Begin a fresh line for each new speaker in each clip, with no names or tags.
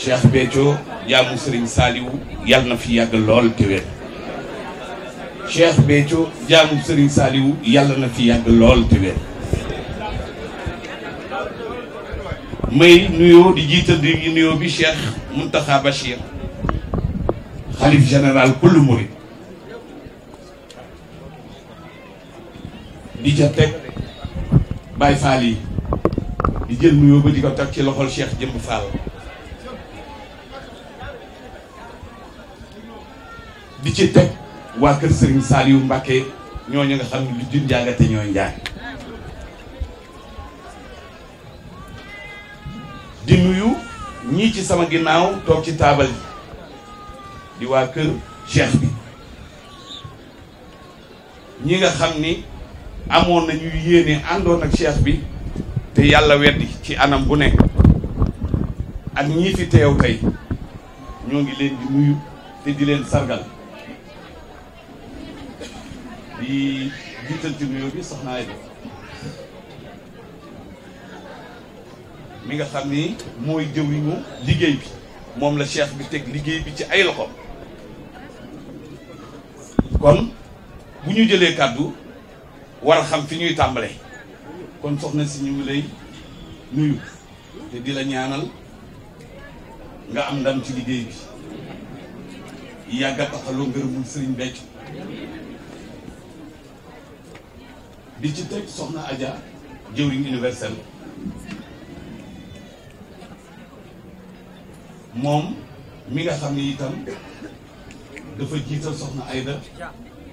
Cheikh Béthio jaamu Serigne Saliou yàlla na fi yàgg lool te wér Cheikh jaamu Serigne Saliou yàlla na fi yàgg lool te may nuyoo di jiital di nuyoo bi Cheikh Mountakha Bachir xalif général kullu murid di ca teg Baye Fall di jël nuyoo ba di ko teg ci loxol Cheikh Jëmb Fall di ci teg waa kër Serigne Saliou Mbacké ñooñu nga xam ne lu jun njaagate ñooy njaay di nuyu ñii ci sama ginnaaw toog ci taabal ji di waa kër cheikh bi ñi nga xam ni amoon nañu yéene àndoon ak cheikh bi te yàlla weddi ci anam bu nekk ak ñii fi teew tey ñoo ngi leen di nuyu te di leen sargal di jiital ci nuyoo bi soxna Aida mi nga xam ni mooy jëwriñu liggéey bi moom la cheikh bi teg liggéey bi ci ay loxo kon bu ñu jëlee kàddu war a xam fi ñuy tàmbale kon soxna si ñu lay nuyu te di la ñaanal nga am ndam ci liggéey bi yàgga taxaloo ngërëmul sëriñ Béthio di ci teg soxna Adja jëwriñ universel moom mi nga xam ni itam dafa jiital soxna Aida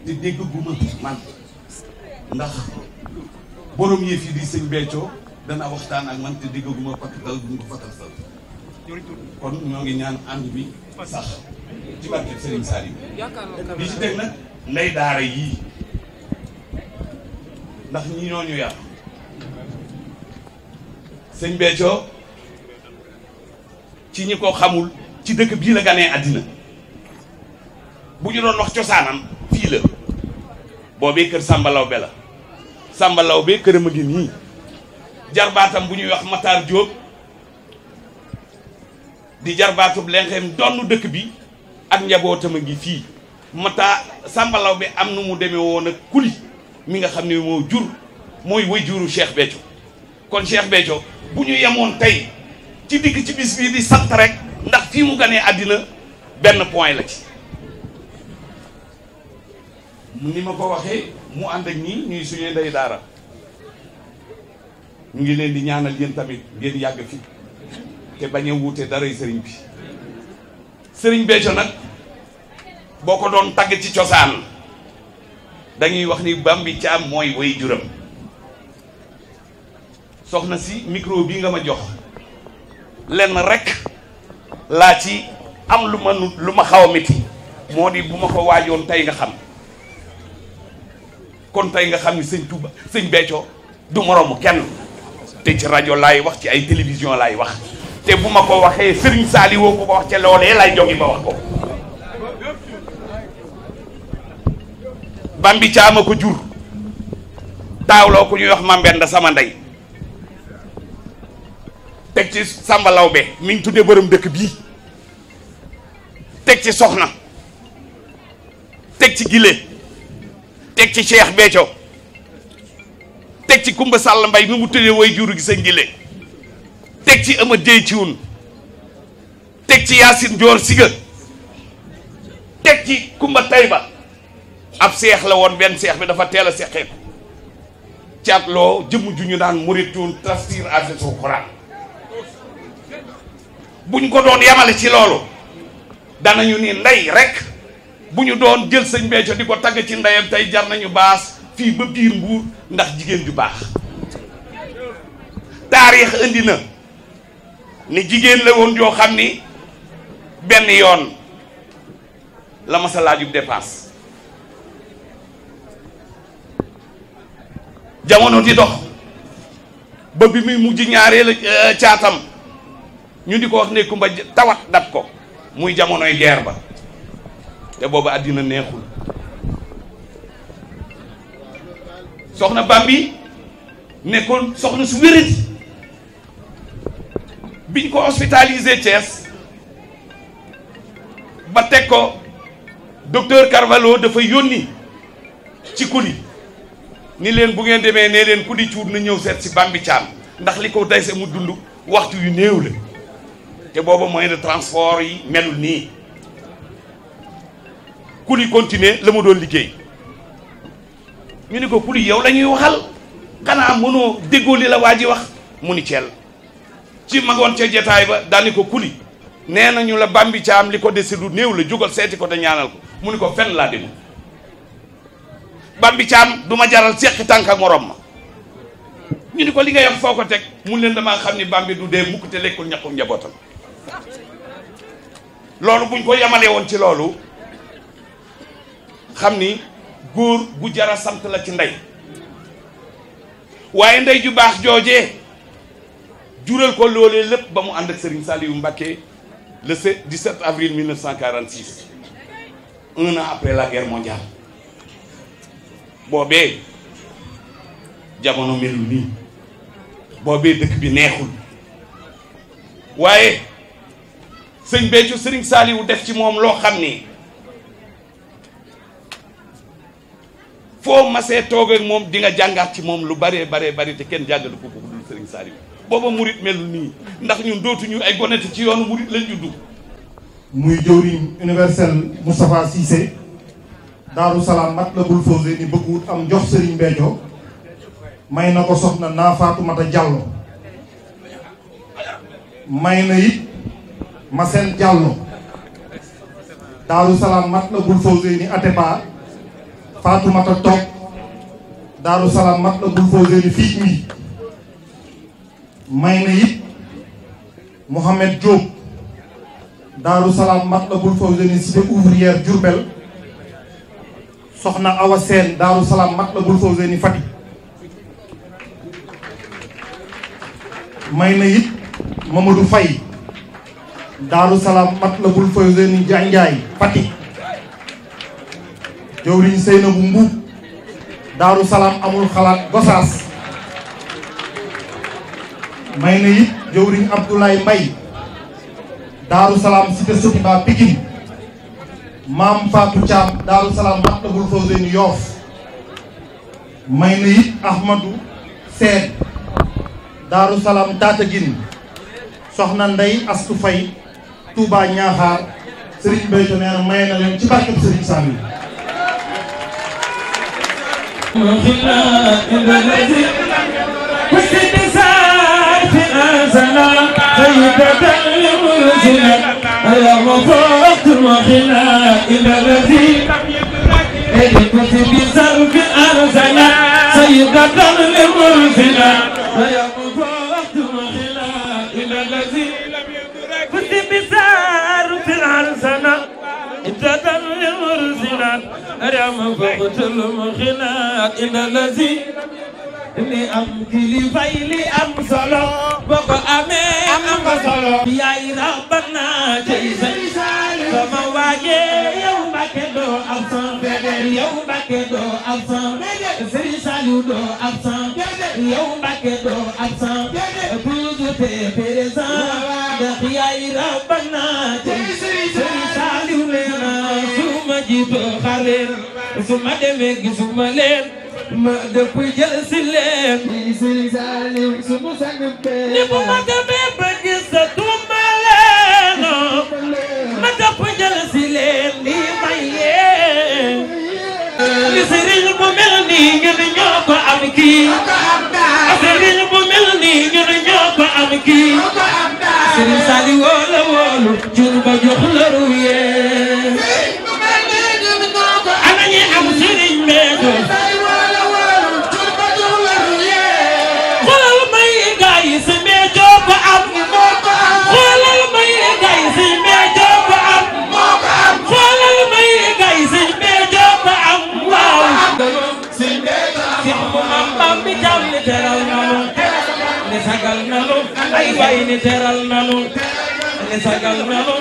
te dégg gu ma man ndax borom yëf yi di sëñ Béthio dana waxtaan ak man te dégg gu ma patatal bu ñu ko kon ñoo ngi ñaan ànd bi sax ci barkeb Serigne Saliou di ci teg nag nday daara yii ndax ñi ñoo ñu yar sëñ Béthio ci ñi ko xamul ci dëkk bii la ganee àddina bu ñu doon wax cosaanam fii la boobee kër Samba be la Samba Lawbe këram a ngi nii jarbaatam bu ñuy wax Matar Diop di jarbaatub lenxeem donn dëkk bi ak njabootam a ngi fii Matar Samba Lawbe am nu mu demee woon ak kuli mi nga xam ne moo jur mooy way juru Cheikh Béthio kon Cheikh Béthio bu ñu yemoon tey ci digg ci bis bii di sant rek ndax fii mu ganee àddina benn point la ci ni ma ko waxee mu ànd ak ñii ñuy suñuy ndey daara ñu ngi leen di ñaanal yéen tamit ngeen yàgg fi te bañ a wuute daray sëriñ bi sëriñ Béthio nag boo ko doon tagg ci cosaan dañuy wax ni Bambi Caam mooy way juram soxna si micro bi nga ma jox lenn rek laa ci am lu ma lu ma xaw a métti moo di bu ma ko waajoon tey nga xam kon tey nga xam ni sëñ Touba sëñ Béthio du moroomu kenn te ci rajo laay wax ci ay télévision laay wax te bu ma ko waxee Serigne Saliou woo ko ko wax ca loolee lay jogi ba wax ko bambi caama ko jur taawloo ku ñuy wax mambenda sama ndey teg ci sàmba lawbe mi ngi tudde bërëm dëkk bii teg ci soxna teg ci gile teg ci Cheikh Béthio teg ci Kumba Sall Mbay mi mu tëddee way juru gi sa gile teg ci Amad Jëy Ciwun teg ci Yaasin Joor Siga teg ci Kumba Tayba ab seex la woon benn seex bi dafa teel a seqeeku caatloo jëm ju ñu naan muritun tafsir afisul quran buñ ko doon yamale ci loolu danañu ni ndey rek bu ñu doon jël sëñ Béthio di ko tagg ci ndeyam tey jar nañu baas fii ba biir mbuur ndax jigéen ju baax taarix indi na ni jigéen la woon yoo xam ni benn yoon la masa laajub jamono di dox ba bi muy mujj ñaareel eh, caatam ñu di ko wax ne kumba tawat dab ko muy jamonoy guerre ba te boobu àddina neexul soxna Bambi nekkoon soxna su wéradi biñ ko hospitalisé Thiès ba teg ko docteur Carvalho dafa yónni ci kuli ni leen bu ngeen demee nee leen ku di cuut na ñëw seet si Bambi Thiam ndax li ko day se mu dund waxtu yu néew la te booba moyen de transport yi melul nii ku di continuer la mu doon liggéey ñu ni ko ku di yow la ñuy waxal xanaa mënoo déggoo li la waa ji wax mu ni ceel ci ma ngoon ca jataay ba daani ko kuli nee nañu la Bambi Thiam li ko dese lu néew la jógal seeti ko te ko mu ni ko fenn laa déglu bambi caam du ma jaral seqi tànk ak morom ma ñu ni ko li nga yam foo ko teg mun leen damaa xam ni bambi du dee mukk te lekkul ñaqu njabootam loolu buñ ko yemale woon ci loolu xam ni góor gu jara sant la ci ndey waaye ndey ju baax joojee jural ko loolee lépp ba mu ànd ak Serigne Saliou Mbacké le 17 avril 1946 un an après la guerre mondiale boobee jamono melu nii boobee dëkk bi neexul waaye sëñ Béthio sëriñ Saliou def ci moom loo xam ni foo mase toog moom di nga jàngaat ci moom lu baree baree bari te kenn jàngatu ko ko dul sëriñ Saliou booba murit melul nii ndax ñun dootuñu ay gonete ci yoonu murit lañ juddu
muy jëwriñ universel Moustapha Cissé daaru salaam Matlabul Fawzeyni ni bëgguwut am jox Serigne Béthio may na ko soxna naa Faatumata Jàllo may na it ma seen Jàllo daaru salaam Matlabul Fawzeyni ni Atepa Faatumata toog daaru salaam Matlabul Fawzeyni fii mi may na it Mohamed Diop daaru salaam Matlabul Fawzeyni cité ouvrière Diourbel soxna Awa Seen Daaru Salaam Matlabul Fawzeyni Fatick may na it Mamadou Faye Daaru Salaam Matlabul Fawzeyni Njaay Fatick jëwriñ Seynabu Mbuub Daaru Salaam amul xalaat Gosaas may na it jëwriñ Abdoulaye Mbaye Daaru Salaam Cité Sotiba Pikine maam Fatou Thiam Daaru Salaam Matlabul Fawzeyni Yoof may na it Ahmadou Seen Daaru Salaam Tataguine soxna Ndey Astu Fay Touba Ñaaxaar Serigne Béthio nee na na leen ci barkeb Serigne Sami
على مفاق وغناء إلى الذي كنت بسرك أرسلا سيدة لمرسلا على مفاق وغناء إلى الذي كنت بسرك أرسلا ابتدى لمرسلا على مفاق وغناء إلى الذي li am kilifay li am solo boo ko amee am nga solo yaay rabbana cey sëñ Saliou sama waaje yow Mbàkke doo absent déedéet yow Mbàkke doo absent déedéet sëñ Saliou doo absent déedéet su ma jiitoo su ma demee ma dëpp jël si leen ni Sëriñ Saaliw sunu sang bee ni bu ma ba gis sa tumba leen ma dëpp jël si leen ni may yee ni sëriñ bu mel nii ngeen ñoo ko am kii sëriñ bu mel nii ngeen ñoo ko am kii Sëriñ Saaliw wóolu wóolu jur ba jox la ruyee teral nanu ne sagal nanu ay way ne teral nanu ne sagal nanu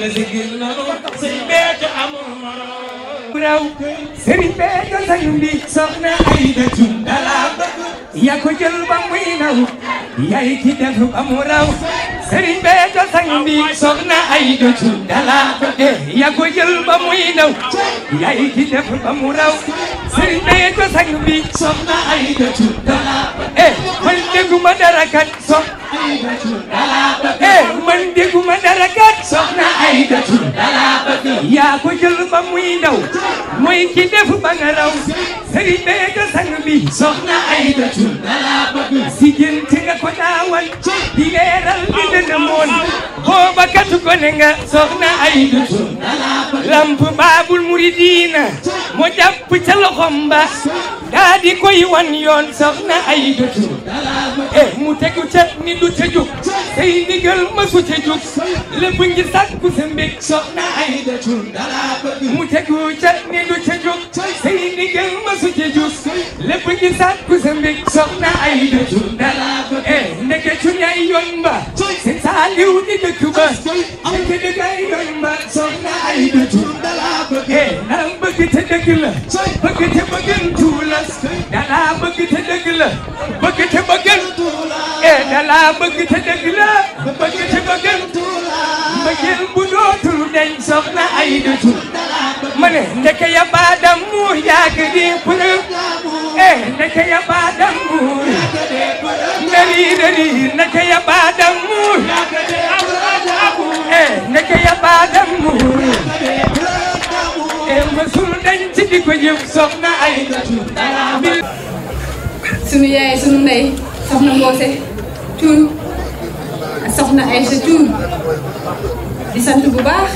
ne sigil nanu Sëriñ Béthio amul morom
raw Sëriñ Béthio sañu mbi soxna Ayda Dala ya ko jël ba muy naw yaay ki def ba mu raw Sëriñ sëriñ bee ko sang bi soxna ay dëkk dara eh man dégguma dara kat soxna man dégguma dara kat. soxna Aydatu dala bëgg. yaa ko jël ba muy ndaw. mooy ki def ba nga raw. sëriñ bee ka sang si jën ci nga ko daawal. di leeral di dënn moon. xoo ba kat ko ne nga. soxna Aydatu dala bëgg. lamp baabul muridiina. mo jàpp ca loxom ba. daa di koy wan yoon. soxna Aydatu dala bëgg. Eh, mu tegu ca nit du ca jug tey ndigal masu ca jug lépp ngi sàkku sa mbég soxna ay da tun dala bëgg mu tegu ca ni du ca jug tey ndigal masu ca jug lépp ngi sàkku sa mbég soxna ay da tun dala bëgg eh ndeke cu ñay yoon ba seen saaliw di dëkk ba ndeke dëggay yoon ba soxna ay da tun dala bëgg eh naan bëgg te dëgg la bëgg te bëggantu la dala bëgg te dëgg la bëgg te bëggantu la eh dala laa bëgg te dëgg la bëgg te bëggantu mbëggeel bu dootul dañ soxna ay dutu ma ne ndeke ya baadam muur yaag di përëb eh ndeke ya baadam muur ndari ndari ndeke ya baadam muur eh ndeke ya baadam muur eh mësul dañ ci di ko jëm soxna ay dutu
sunu yaay sunu ndey soxna Mboose Thioune soxna Aïcha Thioune di sant bu baax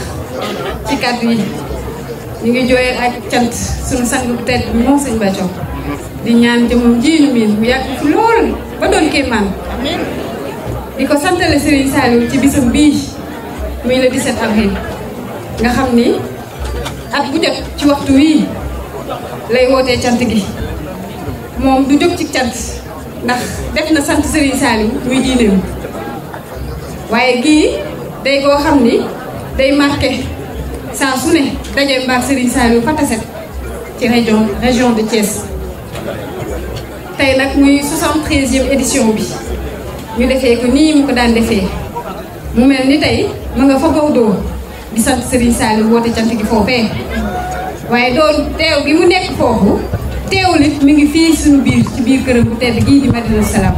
ci kàddu yi ñu ngi jooyee ak cant suñu sang bu tedd bi moom sëñ Bàcco di ñaan jëmum ji ñu miin bu yàgg fi lool ba doon kéemaan di ko santale Serigne Saliou ci bisam bii muy le 17 avril nga xam ni ak bu jot ci waxtu wii lay wootee cant gi moom du jóg ci cant ndax def na sant Serigne Saliou muy diineem waaye gii day goo xam ni day marqué saa su ne daje mbaak Serigne Saliou fataset ci région région de Thiès tay nag muy 73e édition bi ñu defee ko nii mu ko daan defee mu mel ni tey ma nga fa Gawdo di sant Serigne Saliou woote cant gi foofee waaye doon teew gi mu nekk foofu teewul it mi ngi fii suñu biir ci biir këram bu tedd gii di Madina Salaam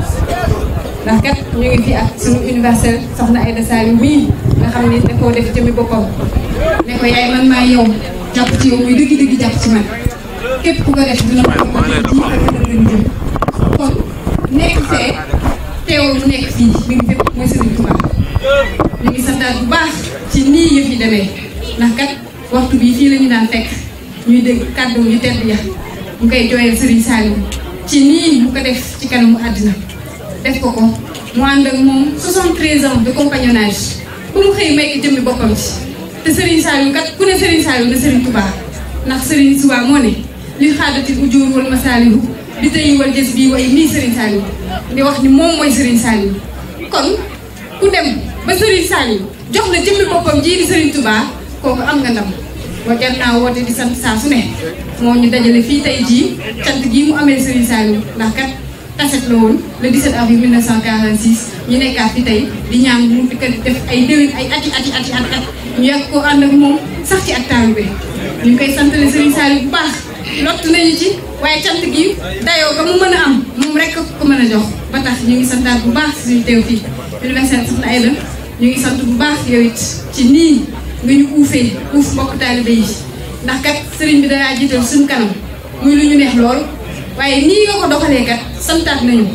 ndax kat ñu ngi fii ak suñu universel soxna Aïda Saliou mii nga xam ne da koo def jëmi boppam ne ko yaay ci man képp ku ko def dina nekk fee mu nekk fii mi ngi fépp mooy bu baax ci nii yëf yi demee ndax kat waxtu bii fii la ñu daan fekk ñuy dégg kàddu yu tedd ya mu koy jooyal Serigne Saliou ci nii mu ko def ci kanamu àddina def ko ko mu ànd ak moom 73 ans de compagnonnage bu mu xëy may jëmmi boppam ci te Serigne Saliou kat ku ne Serigne Saliou ne Serigne Touba ndax Serigne Touba moo ne li xaadati ujuur wal masaalihu bi tey wal gës bii way nii Serigne Saliou di wax ni moom mooy Serigne Saliou kon ku dem ba Serigne Saliou jox la jëmmi boppam jii di Serigne Touba kooku am nga ndam. ba jar naa woote di sant saa su ne moo ñu dajale fii tey jii cant gii mu amee Serigne Saliou ndax kat taset la woon le 17 avril 1946 ñu nekkaat fi tey di ñaan mu di ko def ay ay ati ati ati at at ñu yàgg koo ànd ak moom sax ci ak taalibe ñu ngi koy santale Serigne Saliou bu cant gi dayoo ba mu mën a am moom rek ko mën a jox ba tax ñu ngi santaat bu baax suñu teew fii université Soxna la ñu ngi sant bu baax yow ci nii nga ñu uufee uuf mbokk taalibe yi ndax kat sëriñ bi danaa jiital suñ kanam muy lu ñu neex lool waaye nii nga ko doxalee kat santaat nañu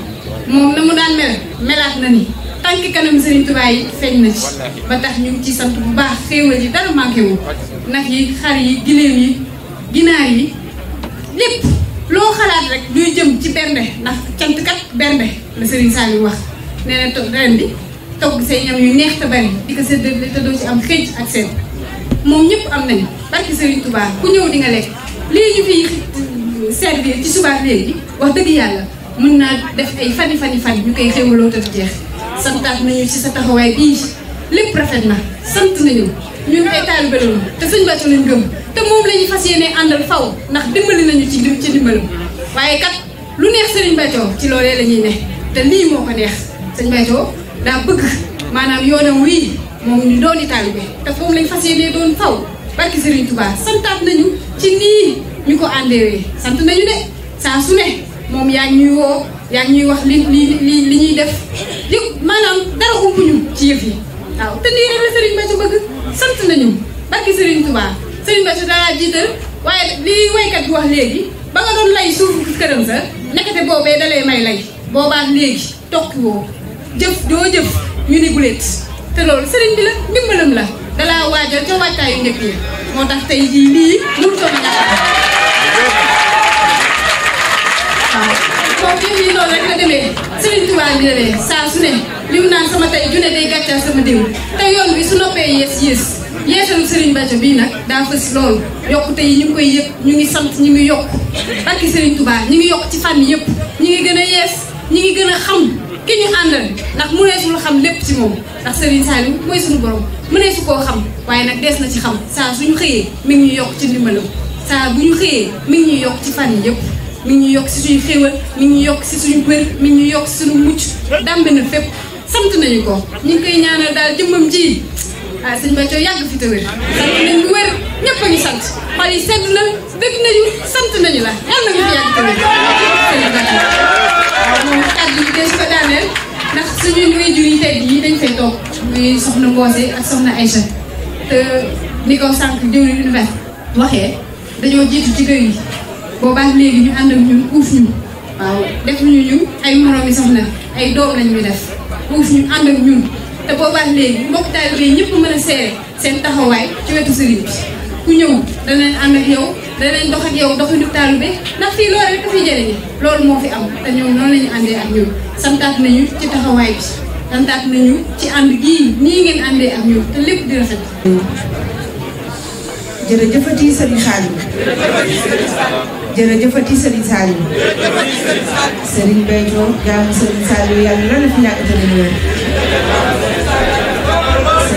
moom na mu daan mel melaat na ni tànk kanam sëriñ Tuubaa yi feeñ na ci ba tax ñu ngi ci sant bu baax xéewal yi dara manqué wu nag yi xar yi giléem yi ginaar yi lépp loo xalaat rek luy jëm ci bernde ndax cant kat bernde la sëriñ Saliou wax nee na ren bi togg say ñam yu neex te bari di ko séddale te doo ci am xëcc ak seen moom ñëpp am nañu barki Serigne Touba ku ñëw di nga lekk lii ñu fiy euh, servir ci subaat léegi wax dëgg yàlla mën naa def ay fani fani fani ñu koy xéwaloo te du jeex santaat nañu ci sa taxawaay bii lépp rafet na sant nañu ñun ay taalibe lañu te suñu bàcc lañ gëm te moom la ñu fas yéene àndal faw ndax dimbali nañu ci ci dimbalam waaye kat lu neex Serigne Bacco ci loolee la ñuy ne te lii moo ko neex Serigne Bacco daa bëgg maanaam yoonam wii moom ñu dooni taalibe te moom lañ fas yéenee doon faw barki Serigne Touba santaat nañu ci nii ñu ko àndeewee sant nañu de saa su ne moom yaa ñuy woo yaa ñuy wax li li li li ñuy def yëpp maanaam dara umpuñu ci yëf yi waaw te nii rek la Serigne Bacca bëgg sant nañu barki Serigne Touba Serigne Bacca daa jiital waaye lii waykat bi wax léegi ba nga doon lay suufu këram sa nekkate boobee dalay may lay boobaat léegi tokki woo jëf joo jëf ñu ne guléet te loolu sëriñ bi la ndimbalam la dalaa waajal ca waajtaayu yi moo tax tey jii lii mun ko loolu rek la demee sëriñ Tuubaa bi demee saa su ne li mu naan sama tey junne day gàccal sama déw te yoon bi su noppee yées yées yeesalu Serigne Bathio bii nag daa fës loolu yokkute yi ñu ngi koy yëg ñu ngi sant ñu ngi yokk barki Serigne Touba ñu ngi yokk ci fànn yëpp ñu ngi gën a yees ñu ngi gën a xam ki ñu àndal ndax mu nee sul xam lépp ci moom ndax Serigne Saliou mooy suñu borom mu nee su koo xam waaye nag dees na ci xam saa suñu xëyee mi ngi ñu yokk ci ndimbalam saa bu ñu xëyee mi ñu ñuy yokk ci mi ñu yokk si suñu xéewal mi ñu yokk si suñu wér mi ñu yokk si suñu mucc dàmbe na fépp sant nañu ko ñu ngi koy ñaanal daal jëmmam ji ah sëñ Béthio yàgg fi te wér sant nañ bu wér ñëpp a ngi sant xol yi sedd na bëgg nañu sant nañu la yàlla nga fi yàgg te wér sëñ Béthio moom kàddu yi su ko daaneel ndax suñu waajur yi tedd yi dañ fay toog muy soxna Mboose ak soxna Aïcha te ni ko sànq jëwriñ univers waxee dañoo jiitu ci kër yi boobaa léegi ñu ànd ak ñun uuf ñu waaw def ñu ñu ay moromi soxna ay doom lañ ñu def uuf ñu ànd ak ñun te boobaax léegi mbokk taalibe yi ñëpp mën a seere seen taxawaay ci wetu sëriñ bi ku ñëw danañ ànd ak yow danañ dox ak yow doxinu taalibe ndax fii loolu rek moo fi am te ñoom noonu lañu àndee ak ñun santaat nañu ci taxawaay bi santaat nañu ci ànd gii nii ngeen àndee ak ñun te lépp di rafet jërëjëfati sëriñ Xaadim sëriñ Saliou sëriñ
Béthio jaamu sëriñ Saliou yàlla na la fi yàgg te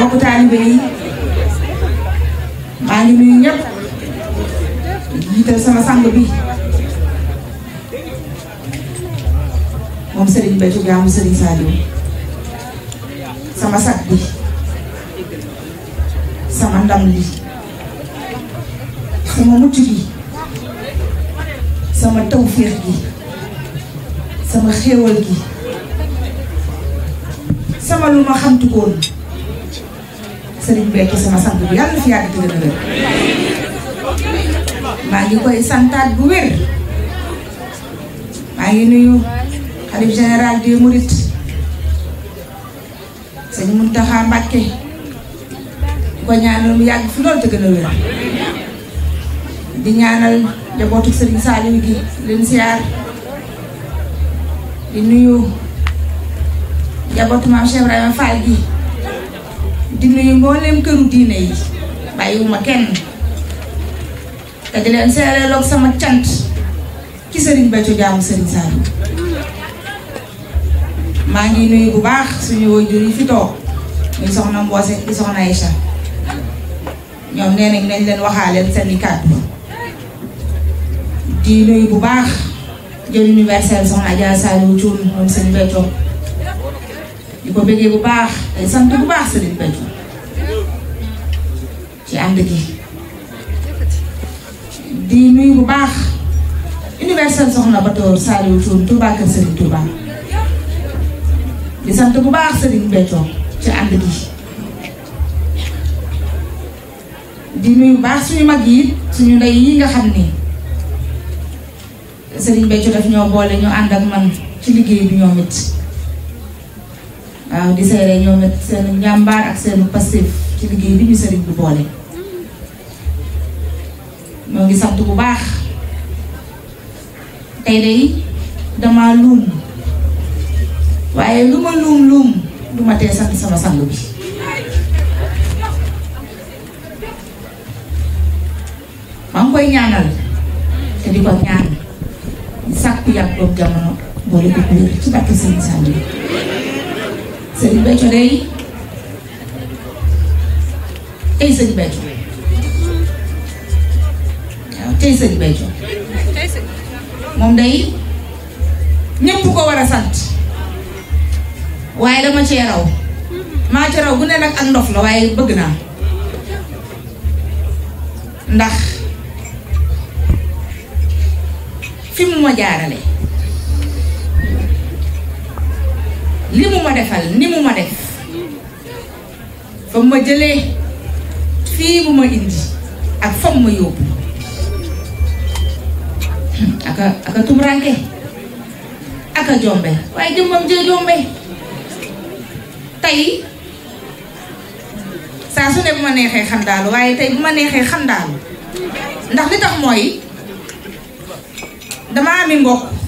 mbokku taalibe maa ngi nuyu ñëpp jiital sama sang bi moom Serigne Béthio Gaye mu Serigne Saliou sama sag bi sama ndam li sama mucc gi sama tawféex gi sama xéewal gi sama lu ma xamtukoon Serigne Mbacke sama maa ngi koy santaat bu wér ngi nuyu xalif général des Mourides sëñ Mountakha Mbacké ko ñaanal mu yàgg fi loolu te gën a wér di ñaanal njabootu Serigne Saliou gi leen siyaar di nuyu njabootu maam Cheikh gi di nuyu mbooleem këru diine yi bàyyiwuma kenn te di leen seereeloog sama cant ci sëriñ Béthio jaamu sëriñ Saliou maa ngi nuyu bu baax suñu waajur yi fi toog muy soxna Mboose di soxna Aïcha ñoom nee nañ leen waxaaleen seeni kàddu di bu baax jël universel soxna Adja Saliou Thioune moom sëriñ Béthio di ko bëggee bu baax tey sant bu baax Serigne Béthio ci ànd gi di nuyu bu baax universel soxna Batoor Saliou Thioune Touba Kër Serigne Touba di sant bu baax Serigne Béthio ci ànd gi di nuyu bu baax suñu mag yi suñu ndey yi nga xam ni Serigne Béthio daf ñoo boole ñu ànd ak man ci liggéey bi ñoom it waaw ah, di seere ñoom it seen njàmbaar ak seen passif ci liggéey bi ñu sëriñ bi boole moo ngi sant bu baax tey day dama luum waaye lu ma luum luum du ma sant sama sangu bi maa ngi koy ñaanal te di ko ñaan sàkku yàgg boobu jamono boole ko ci barke seen sang bi sëñ Béthio day tey sëñ Béthio waaw tey sëñ Béthio moom day ñëpp ko war a sant waaye dama cee raw maa ci raw bu ne nag ak ndox la waaye bëgg naa ndax fi mu ma jaarale li mu ma defal ni mu ma def fa ma jëlee fii mu ma indi ak fa mu ma yóbbu hmm, aka aka tumuraanke aka jombe waaye jëmmam jee jombe tey saa su ne bu ma neexee xandaalu waaye tey bu ma neexee xandaalu ndax li tax mooy dama ami mbokk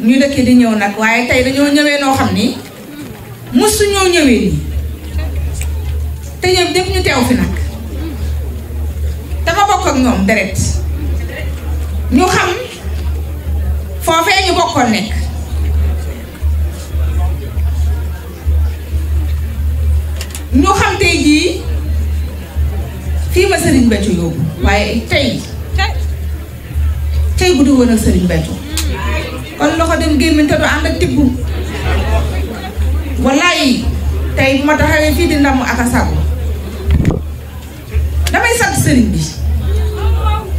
ñu dëkk di ñëw nag waaye tey dañoo ñëwee noo xam ni mosu ñoo ñëwee nii te ñoom ñëpp ñu teew fi nag dama bokk ak ñoom deret ñu xam foofee ñu bokkoon nekk ñu xam tey jii fii ma Serigne Béthio yóbbu waaye tey tey bu du woon ak Serigne Béthio wala loxo dem gémmiñ te du ànd ak tibb wallaay tey bu ma taxawee fii di ndam ak a sago damay sant sëriñ bi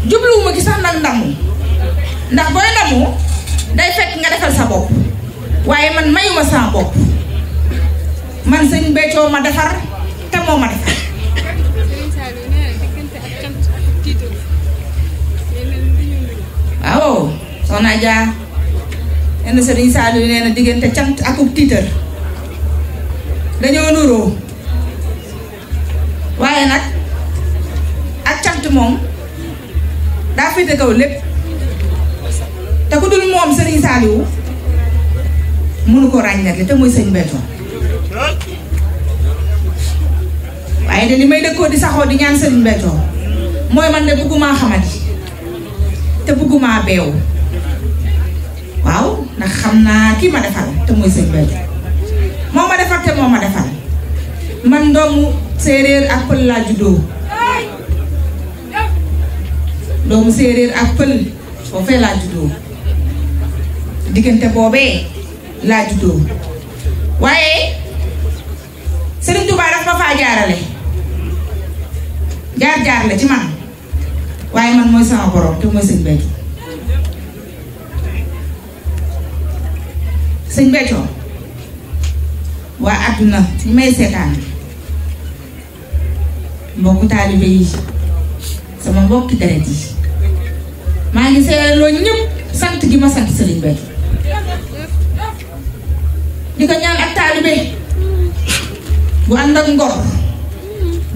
jubluwuma ci sax nag ndamu ndax booy ndamu day fekk nga defal sa bopp waaye man mayuma sa bopp man sëñ Béthio ma defar te moo ma defar waaw soxna Dia yenn sëriñ Saliou nee na diggante cant akub waaye nag ak cant moom daa féete kaw lépp te ku dul moom sëriñ Saliou li may dëkkoo di saxoo di ñaan sëriñ Béthio mooy man ne bëgguma xamati te bëgguma beew waaw ndax xam naa kii ma defal te mooy sëñ Béthio moo ma defal te moo ma defal man doomu séeréer ak pël laa doomu séeréer ak pël foofee laa juddoo diggante boobee laa juddoo waaye Sëriñ Tuubaa daf ma faa jaarale jaar-jaar la ci man waaye man mooy sama borom te mooy sëñ Béthio sëñ Béthio waa àdduna ñu may seetaan mbokku taalibe yi sama mbokki deret yi maa ngi seeraloo ñëpp sant gi ma sant sëriñ Béthio di ko ñaan ak taalibe bu ànd ngor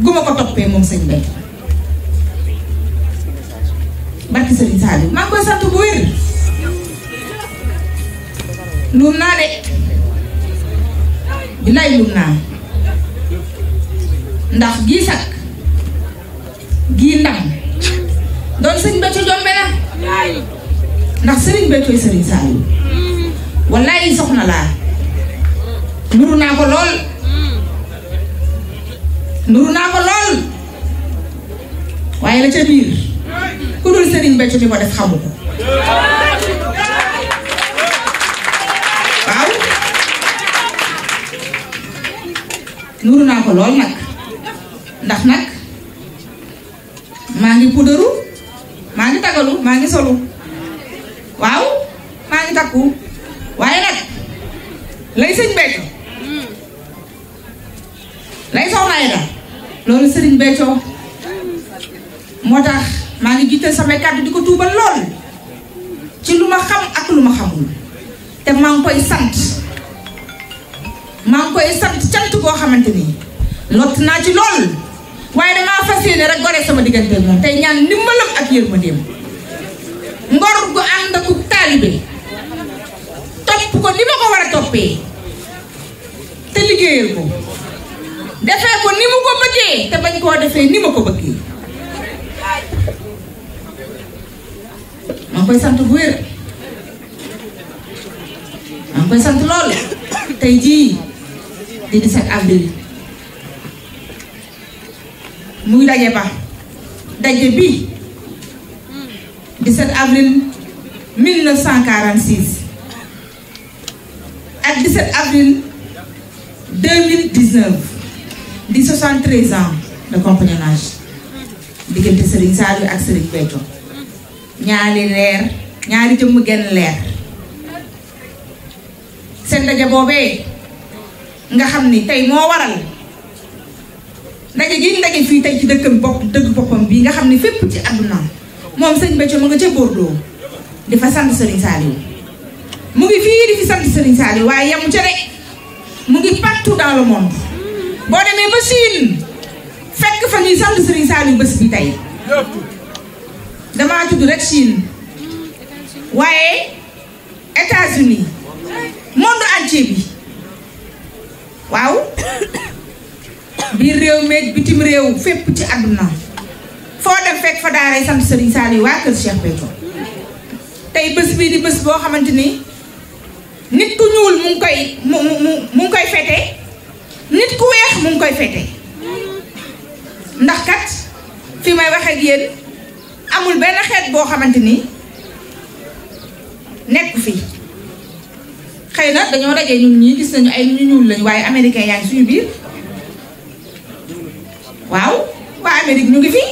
gu ma ko toppee moom sëñ Béthio barki sëriñ Saliou maa koy sant bu wér luum naa de billaay luum naa ndax gii sag gii ndam doon sëriñ Béthio jombe na ndax sëriñ Béthio sëriñ Saliou wallaay soxna laa nuru naa ko lool nuru naa ko lool waaye la ca biir ku dul sëriñ Béthio mi ko def xamu ko nuru naa ko lool nag ndax nag maa ngi pudaru maa ngi tagalu maa ngi solu waaw maa ngi takku waaye nag lay sëñ Béthio lay Soxna Aida loolu sëriñ Béthio moo tax maa ngi jiital samay kàddu di ko tuubal lool ci lu ma xam ak lu ma xamul te maa koy sant maa koy sant cant koo xamante ni lott naa ci lool waaye damaa fas yéene rek gore sama diggante moom tey ñaan ndimbalam ak yërmandeem ngor gu ànd ak taalibe topp ko ni ma ko war a toppee te liggéeyal ko defee ko ni mu ko bëggee te bañ koo defee ni ma ko bëggee maa koy sant bu wér koy sant lool tey jii di 17 avril muy daje ba daje bi 17 avril 1946 ak 17 avril 2019 di 73 ans de compagnonnage diggante Serigne Saliou ak Serigne Béthio ñaari leer ñaari jëmm genn leer seen daje boobee nga xam ni tey moo waral ndaje gi ndaje fii tey ci dëkkam bopp dëgg boppam bii nga xam ni fépp ci àddunaam moom sëñ Béthio mu nga ca Bordeaux di fa sant Serigne Saliou mu ngi fii fi sant Serigne Saliou waaye yemu ca mu ngi partout le monde demee ba Chine fekk fa ñuy sant Serigne Saliou bés bi tey damaa tudd rek Chine waaye États-Unis monde entier bi. waaw biir réew meeg bitim réew fépp ci àdduna foo dem fekk fa daaray sant Serigne Saliou waa kër Cheikh Béthio tey bés bii di bës boo xamante ni nit ku ñuul mu ngi koy mu mu mu ngi koy fete nit ku weex mu ngi koy fete ndax kat fi may wax ak yéen amul benn xeet boo xamante ni nekk fi. xëy na dañoo dajee ñun ñii gis nañu ay ñu ñuul lañu waaye américain yaa ngi suñu biir waaw waa Amérique ñu ngi fi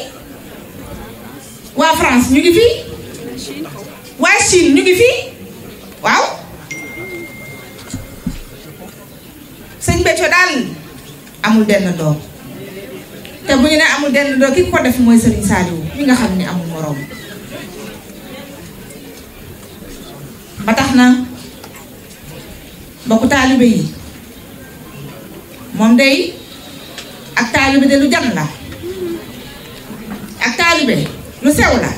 waa France ñu ngi fi waa Chine ñu ngi fi waaw sëñ Béthio daal amul benn doom te bu ñu ne amul benn doom ki ko def mooy Serigne Saliou mi nga xam ni amul moroom ba tax na mbokku taalibe yi moom de ak taalibe de lu jam la ak taalibe lu sew la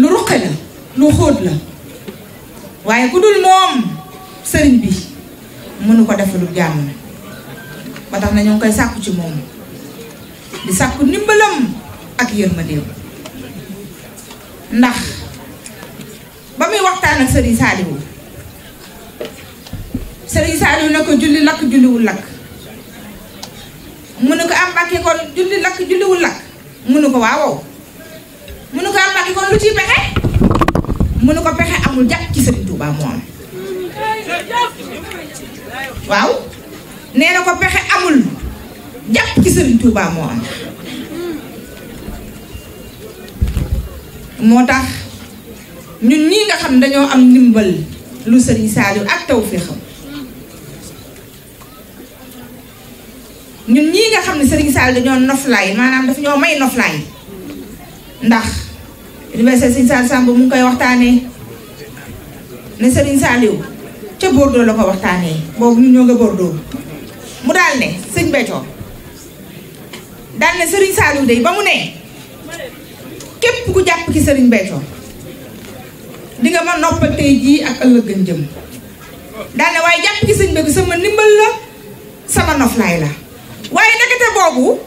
lu ruqe la lu xóot la waaye ku dul moom sëriñ bi mënu ko def lu jàmm ba tax na ñoo koy sàkku ci moom di sàkku ndimbalam ak yërmandeem ndax ba muy waxtaan ak sëriñ Saaliwu sëriñ Saliou ne ko julli lakk julliwul lakk mu ne ko am ah, mbàkke kon julli lakk julliwul lakk mu ne ko waawow mu ne ko am ah, mbàkke lu ciy pexe mu ko pexe amul jàpp ci sëriñ Touba moo am waaw nee na pexe amul jàpp ci sëriñ Touba moo tax ñun ñii nga xam dañoo am ndimbal lu sëriñ Saliou ak tawféexam ñun ñii nga xam ne Serigne Sall dañoo noflaay maanaam daf ñoo may noflaay ndax université Serigne Sall Samb mu ngi koy waxtaanee ne Serigne Saliou ca Bordeaux la ko waxtaanee boobu ñun ñoo nga Bordeaux mu daal ne sëñ Béthio daal ne Serigne Saliou de ba mu ne képp ku jàpp ci Serigne Béthio di nga ma noppal tey jii ak ëllëg gën jëm daal ne waaye jàpp ci sëñ Béthio sama ndimbal la sama noflaay la. waaye ndekete boobu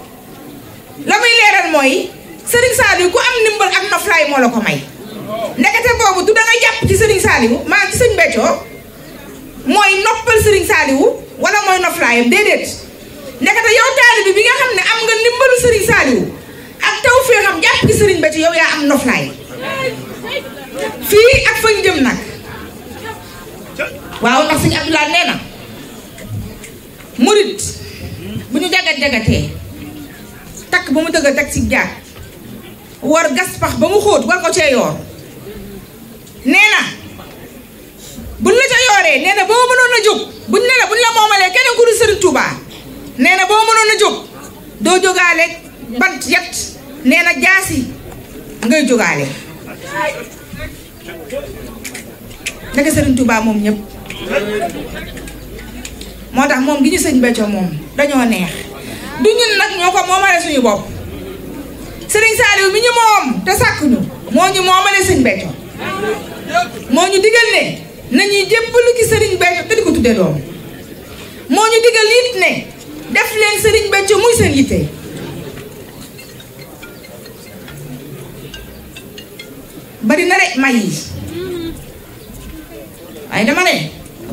la muy leeral mooy Serigne Saliou ku am ndimbal ak noflaay moo la ko may ndekete boobu du da nga jàpp ci Serigne Saliou maa ci sëñ Béthio mooy noppal Serigne Saliou wala mooy noflaayam déedéet ndekete yow taalibi bi nga xam ne am nga ndimbalu Serigne Saliou ak taw fee xam jàpp ci Serigne Béthio yow yaa am noflaay fii ak fañ jëm nag waaw ndax sëñ Abdoulaye nee na murit bu ñu jagat jagatee takk ba mu dëgg takk ci jaar war gas pax ba mu xóot war ko cee yoor nee na buñ la ca yooree nee boo mënoon a jóg buñ ne la moomalee keneen ku dul Serigne Touba nee na boo mënoon a jóg doo jógaale bant yet nee na jaasi ngay jógaale naka Serigne Touba moom ñëpp. moo tax moom gi ñu sëñ Béthio moom dañoo neex du ñun nag ñoo ko moomale suñu bopp sëriñ Saliou mi ñu moom te sàkk ñu moo ñu moomale sëñ Béthio moo ñu digal ne nañuy jébbalu ci sëriñ Béthio te di ko tudde doom moo ñu digal it ne def leen sëriñ Béthio muy seen yitte bari na rek may waaye dama ne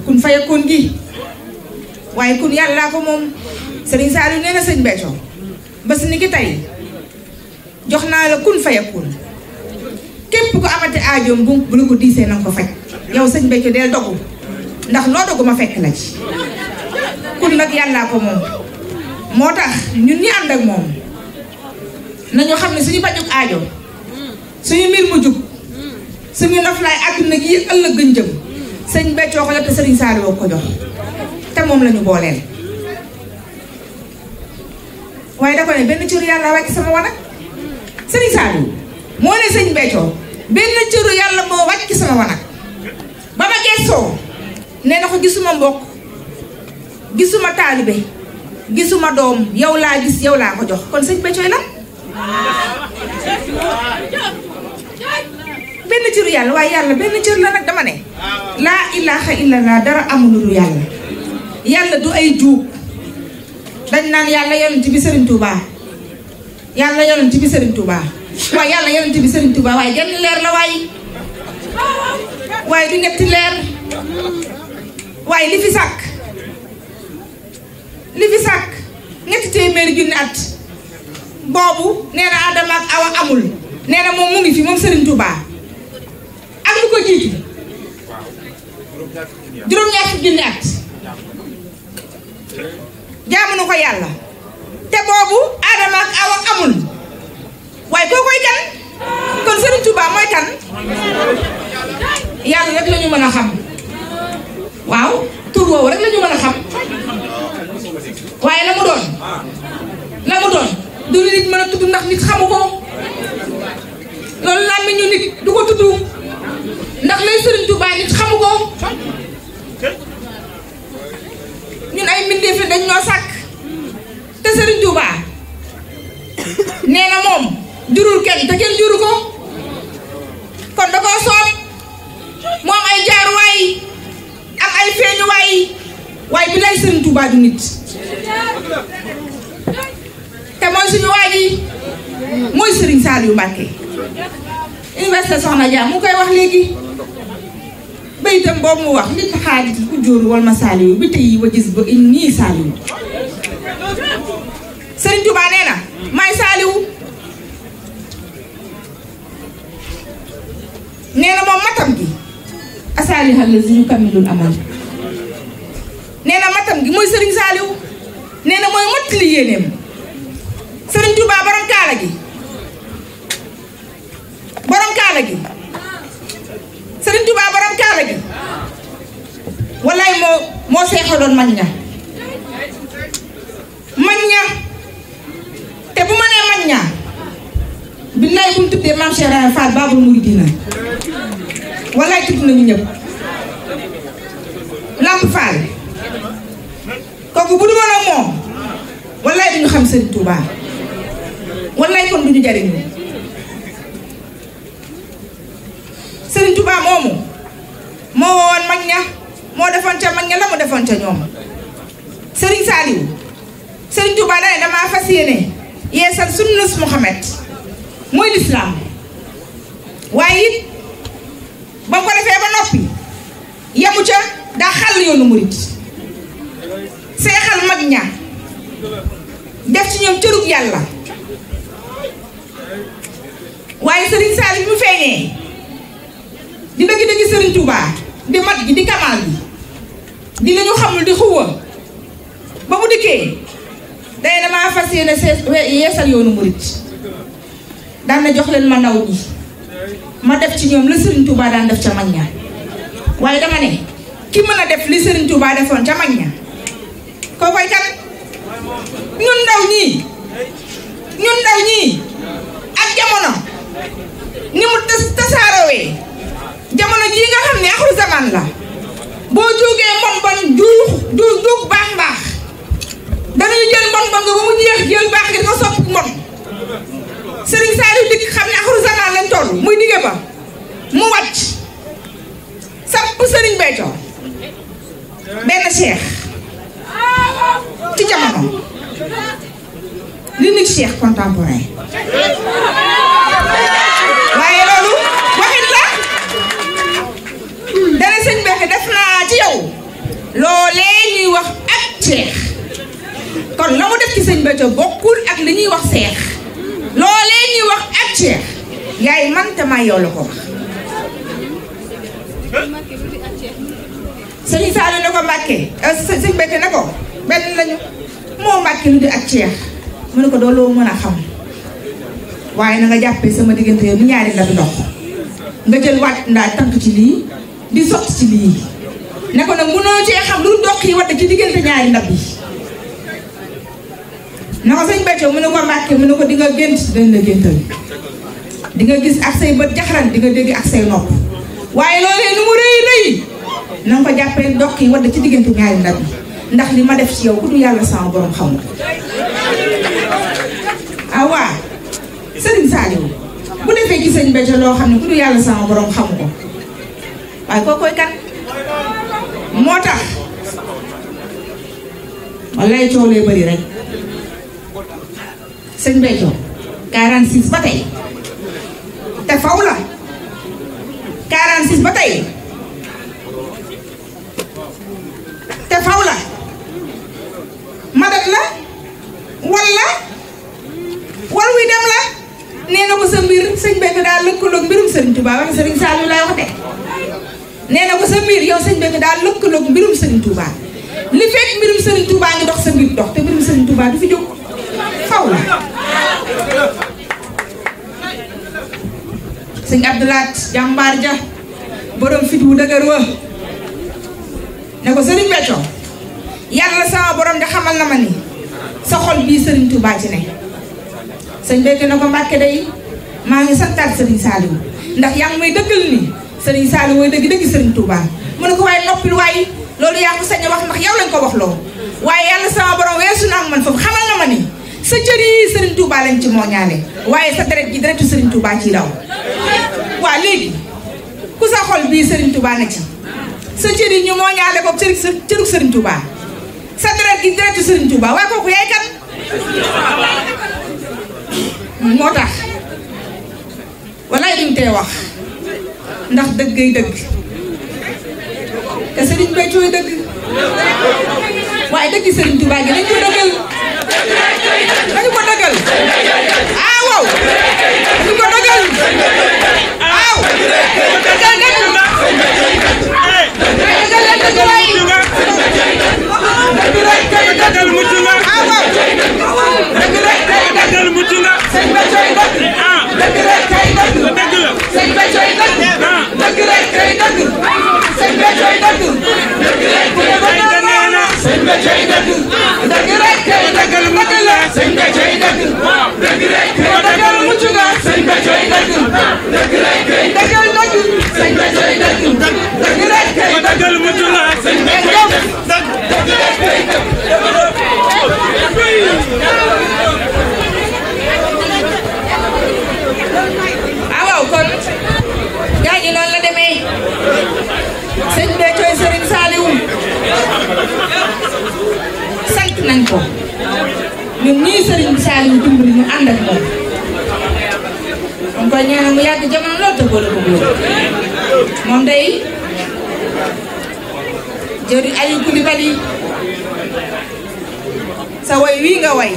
kun fayakoon gi waaye kun yàllaa ko moom sëriñ Saliou nee na sëñ Béthio bés ni ki tey jox naa la kun fayakun képp ko amati aajoom bu bu ko diisee na ko faj yow sëñ Béthio del dogu ndax loo dogu ma fekk na ci kun nag yàllaa ko moom moo tax ñun ñi ànd ak moom nañu xam ne suñu bajuk aajo suñu mbir mu jub suñu naflaay àdduna gi ëllëg gën jëm sëñ Béthio ko jox te sëriñ Saliou ko jox te moom lañu ñu booleel waaye dafa ne benn cëru yàlla wàcc sama wanag sëriñ Saliou moo ne sëñ Béthio benn cëru yàlla moo wàcc sama wanag ba ma gëstoo nee na ko gisuma mbokk gisuma taalibe gisuma doom yow laa gis yow laa ko jox kon sëñ Béthio la benn cëru yàlla waaye yàlla benn cër la nag dama ne laa ilaha illallah dara amul lu yàlla yàlla du ay juub dañ naan yàlla yonent bi Serigne Touba yàlla yonent bi Serigne Touba waaye yàlla yonent bi Serigne Touba waaye genn leer la waaye waaye du ñetti leer waaye li fi sàkk li fi sàkk ñetti téeméeri junni at boobu nee na Adama ak amul nee moom mu ngi fi moom Serigne Touba ak lu ko jiitu juróom-ñaar fukki junni at. jaamu na ko yàlla te boobu aadama ak awa amul waaye koo koy kan kon Serigne Touba mooy yàlla rek la mën a xam waaw tur woowu rek la mën a xam waaye la mu doon la mu doon du nit mën a tudd ndax nit xamu ko loolu laa mi ñu nit du ko tudd ndax lay Serigne Touba nit xamu ko. ñun ay mbindeef fi dañ ñoo sàkk te Serigne Touba nee na moom jurul kenn te kenn juru ko kon da koo soob mu am ay am ay feeñuwaay waaye bi lay Serigne Touba du nit
te mooy suñu waay ji mooy Serigne Saliou
Mbacké université Soxna Dia mu koy wax léegi. baytam boobu mu wax nit xaalis ku jóor wal ma saaliyu bi tey wa gis ba in nii saaliyu Serigne Touba nee na maay saaliwu moom matam gi asaalihal la si ñu kamilul amal nee na gi mooy Serigne Saaliwu nee na mooy mottali yéeneem Serigne Touba borom kaala gi borom kaala gi Serigne Touba borom kaala gi wallaay moo moo seexaloon mag ña mag ña te bu ma nee mag ña bindaay bu ñu tuddee maam Cheikh Ibra Fall Baabul Muridiina wallaay tudd nañu ñëpp Lamp Fall kooku bu du mën moom wallaay du ñu xam Serigne Touba wallaay kon du ñu jariñu Touba moomu moo woon mag ña moo defoon ca mag ña la mu defoon ca ñoom Serigne Saliou Serigne Touba dane damaa fas yéene yeesal sunnus Muhammad mooy lislaam waaye it ba ko defee ba noppi yamu ca daa xàll yoonu murit seexal mag ña def ci ñoom cërug yàlla waaye Serigne Saliou mu feeñee di dëgg-dëgg Serigne di mat gi di kamaal gi di la ñu xamul di xuwa ba mu dikkee day na fas yéene yeesal yoonu murit daan na jox leen ma ndaw ñi ma def ci ñoom la Serigne Touba daan def ca mag ña waaye dama ne ki mën a def li Serigne Touba defoon ca mag ña koo koy kan ñun ndaw ñii ñun ndaw ñii ak jamono ni mu tas tasaarowee jamono jii nga xam ne axru zaman la boo juugee mbon mbon juux juux baax baax danañu jël mbon nga ba mu jeex jël nga ko sopp mbon Serigne Saliou dikk xam ne axru zaman lañ toll muy digge ba mu wàcc sapp Serigne Béthio benn cheikh ci jamono l'unique cheikh contemporain ndaxte def naa ci yow loolee ñuy wax ak ceex kon la mu def ci sëñ Béthio bokkul ak li ñuy wax seex loolee ñuy wax ak ceex yaay man te maa yow la ko wax. sëñ Saalum ne ko Mbàkke euh, sëñ Béthio ne ko benn lañu moo Mbàkke lu di ak ceex mu ne ko dooloo mën a xam waaye na nga jàppee sama diggante mu ñaari ndab ndox nga jël waat ndaa tànk ci lii. di sotti ci lii ne ko nag mënoo cee xam lu dox yi ci diggante ñaari ndab yi na ko sëñ Béthio mu ne ko Mbàkke mu ne ko di nga gént dañ di nga gis ak say di nga dégg ak say waaye loolee nu mu rëy rëy na nga ci diggante ñaari ndab ndax li ma def ci yow ku dul yàlla sama borom xam nga ah waa Serigne Saliou bu defee ci sëñ loo xam ne ku dul yàlla sama borom xam ko waaye koo koy kan moo tax wallaay coow lay bëri rek sëñ Béthio 46 ba tey te faw la 46 ba tey te faw la madat la walla war wi dem la nee na ko sa mbir sëñ Béthio daal lëkkaloog mbirum sëriñ Tuubaa wala sëriñ Saliou lay
wax
nee na ba sa mbir yow sëñ bi daal lëkkaloog mbirum sëriñ Touba li fekk mbirum sëriñ Touba ngi dox sa mbir dox te mbirum sëriñ Touba du fi jóg faw la sëñ Abdoulaat jàmbaar ja borom fit wu dëgër wa ne ko sëriñ Béthio yàlla sama borom de xamal na ma ni sa xol bii sëriñ Touba ci ne sëñ Béthio ne ko Mbàkke day maa ngi santaat sëriñ Saliou ndax yaa ngi may dëggal sëriñ Saliou mooy dëgg-dëgg sëriñ Touba mu ne ko waaye noppil waaye loolu yaa ko sañ a wax ndax yow lañ ko wax loo waaye yàlla sama borom weesu na man foofu xamal na ma ni sa cër sëriñ Touba lañ ci mooñaale waaye sa deret ji deretu sëriñ Touba ci raw waaw léegi ku sa xol bii sëriñ Touba na ci sa cër yi ñu mooñaale ko cër cërug sëriñ Touba sa deret gi deretu sëriñ Touba waaye kooku yaay kan moo tax walaay duñ tee wax ndax dëggay dëgg te Serigne Béthio dëgg waaye dëgg Serigne Touba gi dañ ko dëggal dañu ko dëggal ah waaw dañu ko dëggal ah, waaw dëggal dëgg dëggal dëgg waay
dañu rey tey dajal mucc nga. dañu rey tey dajal mucc nga. sëñ bi cooy dëkk. dañu rey tey dëkk. dëgg la sëñ bi cooy dëkk. dañu rey tey dëkk. sëñ bi cooy dëkk.
dañu rey tey dëkk. sëñ bi cay dëgg. dëgg rek kay dëggal mucc nga. sëñ bi cay dëgg. dëgg rek kay dëggal mucc nga. sëñ bi cay dëgg. dëgg rek kay dëggal
dëgg. sëñ bi cay dëgg.
dëgg rek kay
dëggal mucc nga. sëñ bi cay dëgg.
dëgg rek kay dëgg.
waaw kon. yaa ngi loolu la. nañ ko ñun ñii sëriñ Saliou Thioune ñu mu yàgg jamono lool te boole ko góor moom day sa way wii nga way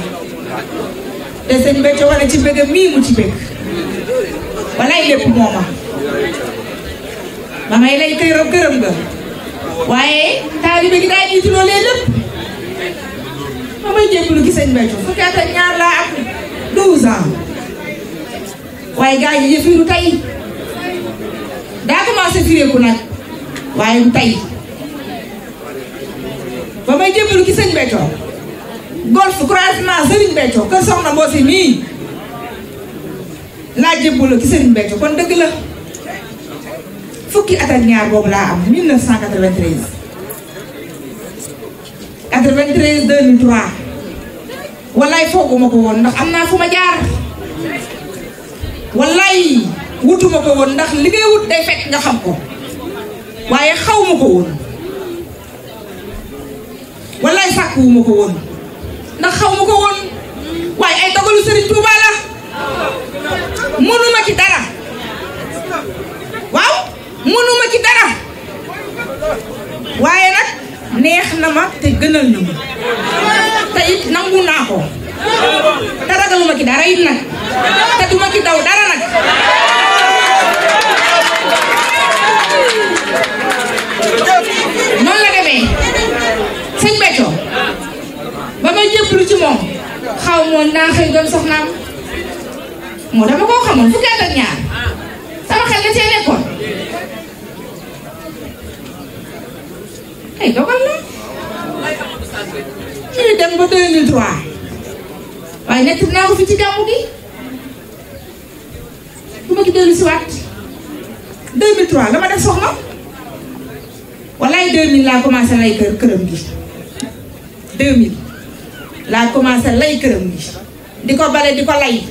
te sëñ Béthio a ci bëgg mii mu ci bëgg walaay lépp mooma ba may lay këram këram nga waaye taalibe gi daa jiitu loolee lépp damay jébbalu gi sëñ Béthio fukki at ñaar laa ak 12 ans waaye gars yi yëf daa commencé firéeku nag waaye du tey ba may jébbalu gi sëñ Béthio golf croisement Serigne Béthio kër Soxna Mbosi mii laa jébbalu gi sëñ Béthio kon dëgg la fukki at ñaar boobu laa am 1993. 93 2003 wallaay fooguma ko woon ndax am naa fu ma jaar wallaay wutuma ko woon ndax li ngay wut day fekk nga xam ko waaye xawma ko woon wallaay sàkkuwuma ko woon ndax xawma ko woon waaye ay dogalu Serigne Touba mënuma ci dara waaw mënuma ci dara waaye nag neex na ma te gënal na te it nangu naa te ragaluma ci dara it nag te duma ci daw dara nag noonu la demee sëñ Béthio ba may jébbalu ci moom xaw moon naa xëy doon soxnaam
moo dama koo xamoon fukki at ñaar
sama xel la cee nekkoon ay dogal la ñuy dem ba 2003 waaye nekk naa ko fi ci gàmmu gi bu ma ci dellu si waat 2003 la ma def soxna walaay 2000 laa commencé lay kër këram gi 2000 laa commencé lay këram gi di ko bale di ko lay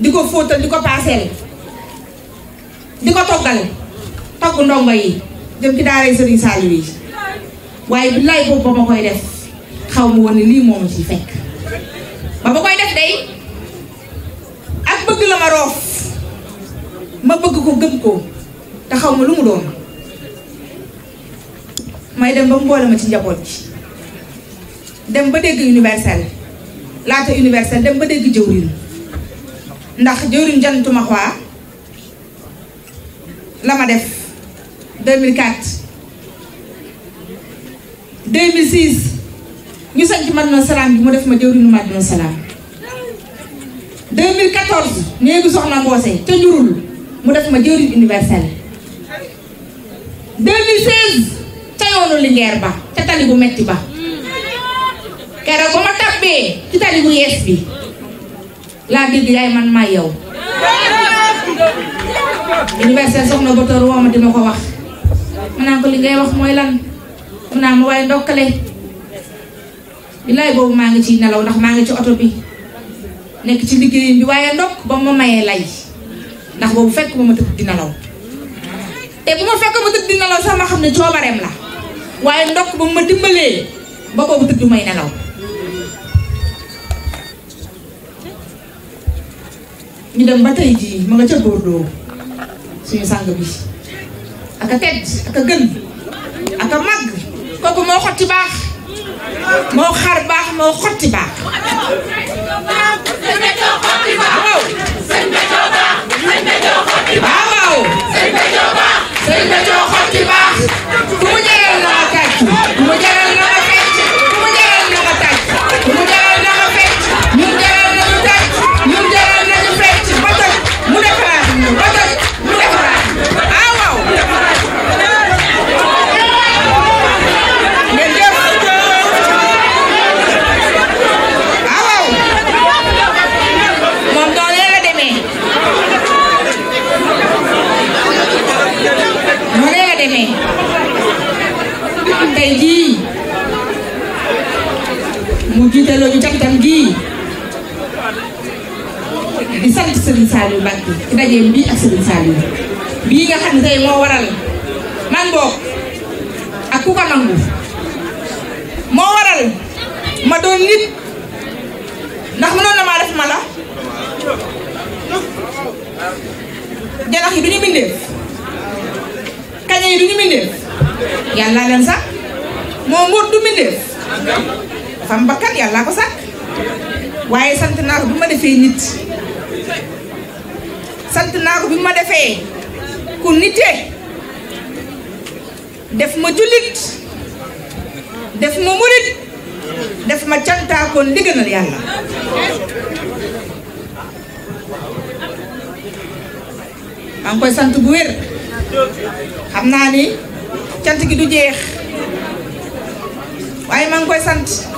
di ko fóotal di ko paaseel di ko toggal togg ndongo yi jëm ci daaray Serigne Saliou yi waaye billaay boobu ba ma koy def xaw ma woon ne lii moom ci fekk ba ma koy def day ak bëgg la ma roof ma bëgg ko gëm ko te xaw ma lu mu doon may dem ba mu boole ma ci njaboot gi dem ba dégg universel laata universel dem ba dégg jëwriñ ndax jëwriñ jantuma xwaa la ma def 2004 de 2006 ñu sañ ci Madina Salaam bi mu def ma jëwriñu Madina Salaam 2014 néegu Soxna Mboose ca Njurul mu def ma jëwriñ universel 2016 ca yoonu Linguère ba ca tali bu metti ba keroog ba ma tabbee ci tali bu yees bi laa dégg yaay man maay yow universel soxna botoor woo ma dina ko wax ma naan ko li ngay wax mooy lan naa ma waaye ndokkale billaay boobu maa ngi ci nelaw ndax maa ngi ci oto bi nekk ci liggéeyam bi waaye ndokk ba ma mayee lay ndax boobu fekk ba ma tëdd di nelaw te bu ma fekk ma tëdd ma xam ne coobareem la waaye ndokk ba ma dimbalee ba boobu tëdd may nelaw ñu dem ba tey jii ma nga ca góorloo suñu sàng bi aka tedd aka gën aka màgg kooku moo xotti baax moo xar baax moo xotti baax. waaw. sëñ Béthio baax. mu jaral na ma kay mu jaral na ma jiite looju cantam gii di sant Serigne Saliou Mbacké ci dajeem bii ak Serigne Saliou bii nga xam ne moo waral man boog ak ku ko moo waral ma doon nit ndax mënoon na maa def ma la janax yi du ñu bindeef kaña yi du ñu bindeef yàlla leen sax moo nguur du bindeef dafa am bakkan yàllaa ko sàkk waaye sant naa ko bi ma defee nit sant naa bi ma defee ku nitee def ma jullit def ma murit def ma cantaakoon liggéeyal yàlla maa koy sant bu wér xam naa ni cant gi du jeex waaye maa koy sant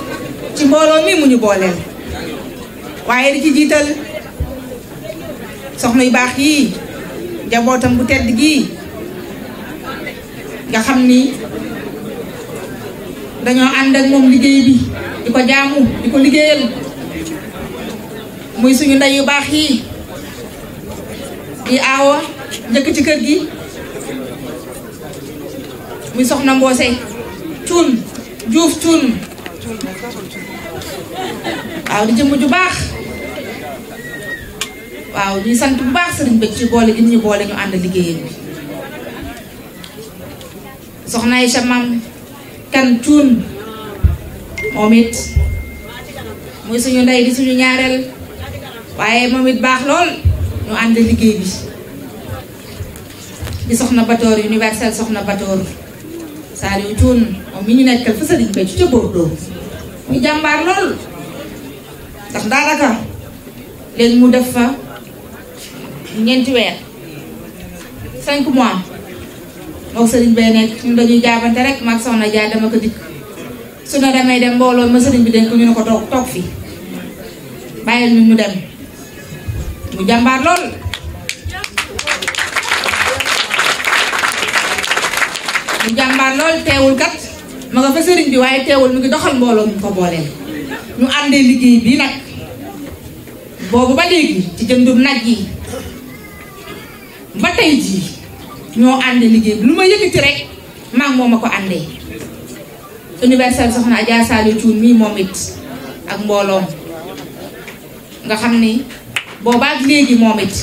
ci mbooloo mi mu ñu booleel waaye di ci jiital soxna yu baax yii njabootam bu tedd gii nga xam ni dañoo ànd ak moom liggéey bi di ko jaamu di ko liggéeyal muy suñu ndey yu baax yii di aawa njëkk ci kër gi muy soxna mboose cuun juuf cuun waaw di jëmm ju baax waaw ñuy sant bu baax sëriñ bëcc ci boole gi ñu boole ñu ànd liggéeyam bi soxna Aïcha maam kan cuun moom it muy suñu ndey di suñu ñaareel waaye moom it baax lool ñu ànd liggéey bi di soxna Batoor universel soxna Batoor Saliou Cuun moom mi ñu nekkal fa sëriñ bëcc ca Bordeaux muy jàmbaar lool ndax daanaka léegi mu def fa ñeenti weer cinq mois moog sëriñ bay nekk ñun dañuy jaabante rek maag soxna jaay dama ko dikk su na damay dem mbooloo ma sëriñ bi dénk ñu ne ko toog toog fii bàyyil ñu ñu dem mu jàmbaar lool mu jàmbaar lool teewul kat ma nga fa sëriñ bi waaye teewul mu ngi doxal mbooloo mu ko booleel ñu àndee liggéey bii nag boobu ba léegi ci jëndum nag yi ba tey jii ñoo àndee liggéey bi lu ma yëkkati rek maa moom a ko àndee universel soxna Adja Saliou Thioune mii moom it ak mbooloom nga xam ni boobaak léegi moom it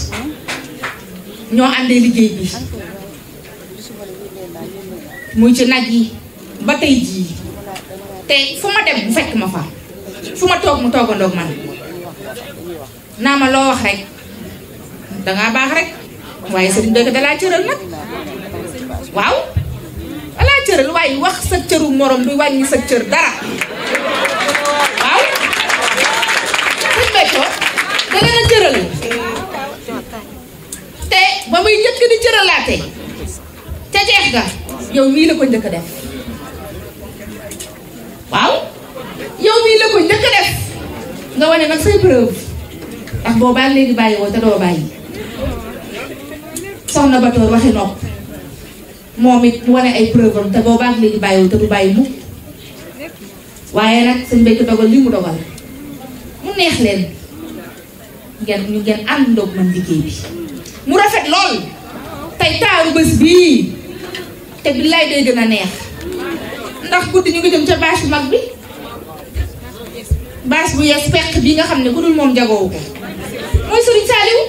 ñoo àndee liggéey bi muy ci nag yi ba tey jii te fu ma dem bu fekk ma fa fu ma toog mu toogandoog man naa ma loo wax rek dangaa baax rek waaye sëriñ bi dalaa cëral nag waaw dalaa cëral waaye wax sa cëru morom du wàññi sa cër dara waaw sëñ Béthio da leen a cëral te ba muy njëkk di cëralaate ca jeex ga yow mii la ko njëkk def waaw yow mii la ko njëkk def nga wane nag say preuve ndax boobaa léegi bàyyi woo te doo bàyyi soxna Batoor waxi nopp moom it wane ay preuve am te boobaa léegi bàyyi woo te du bàyyi mukk waaye nag sëñ Béthio dogal li mu dogal mu neex leen ngeen ñu ngeen ànd ndoog man liggéey bi mu rafet lool tey taaru bés bii te billaay day gën a neex ndax guddi ñu ngi jëm ca bâche bu mag bi bâche bu yes peq bi nga xam ne ku dul moom jagoowu ko mooy Serigne Saliou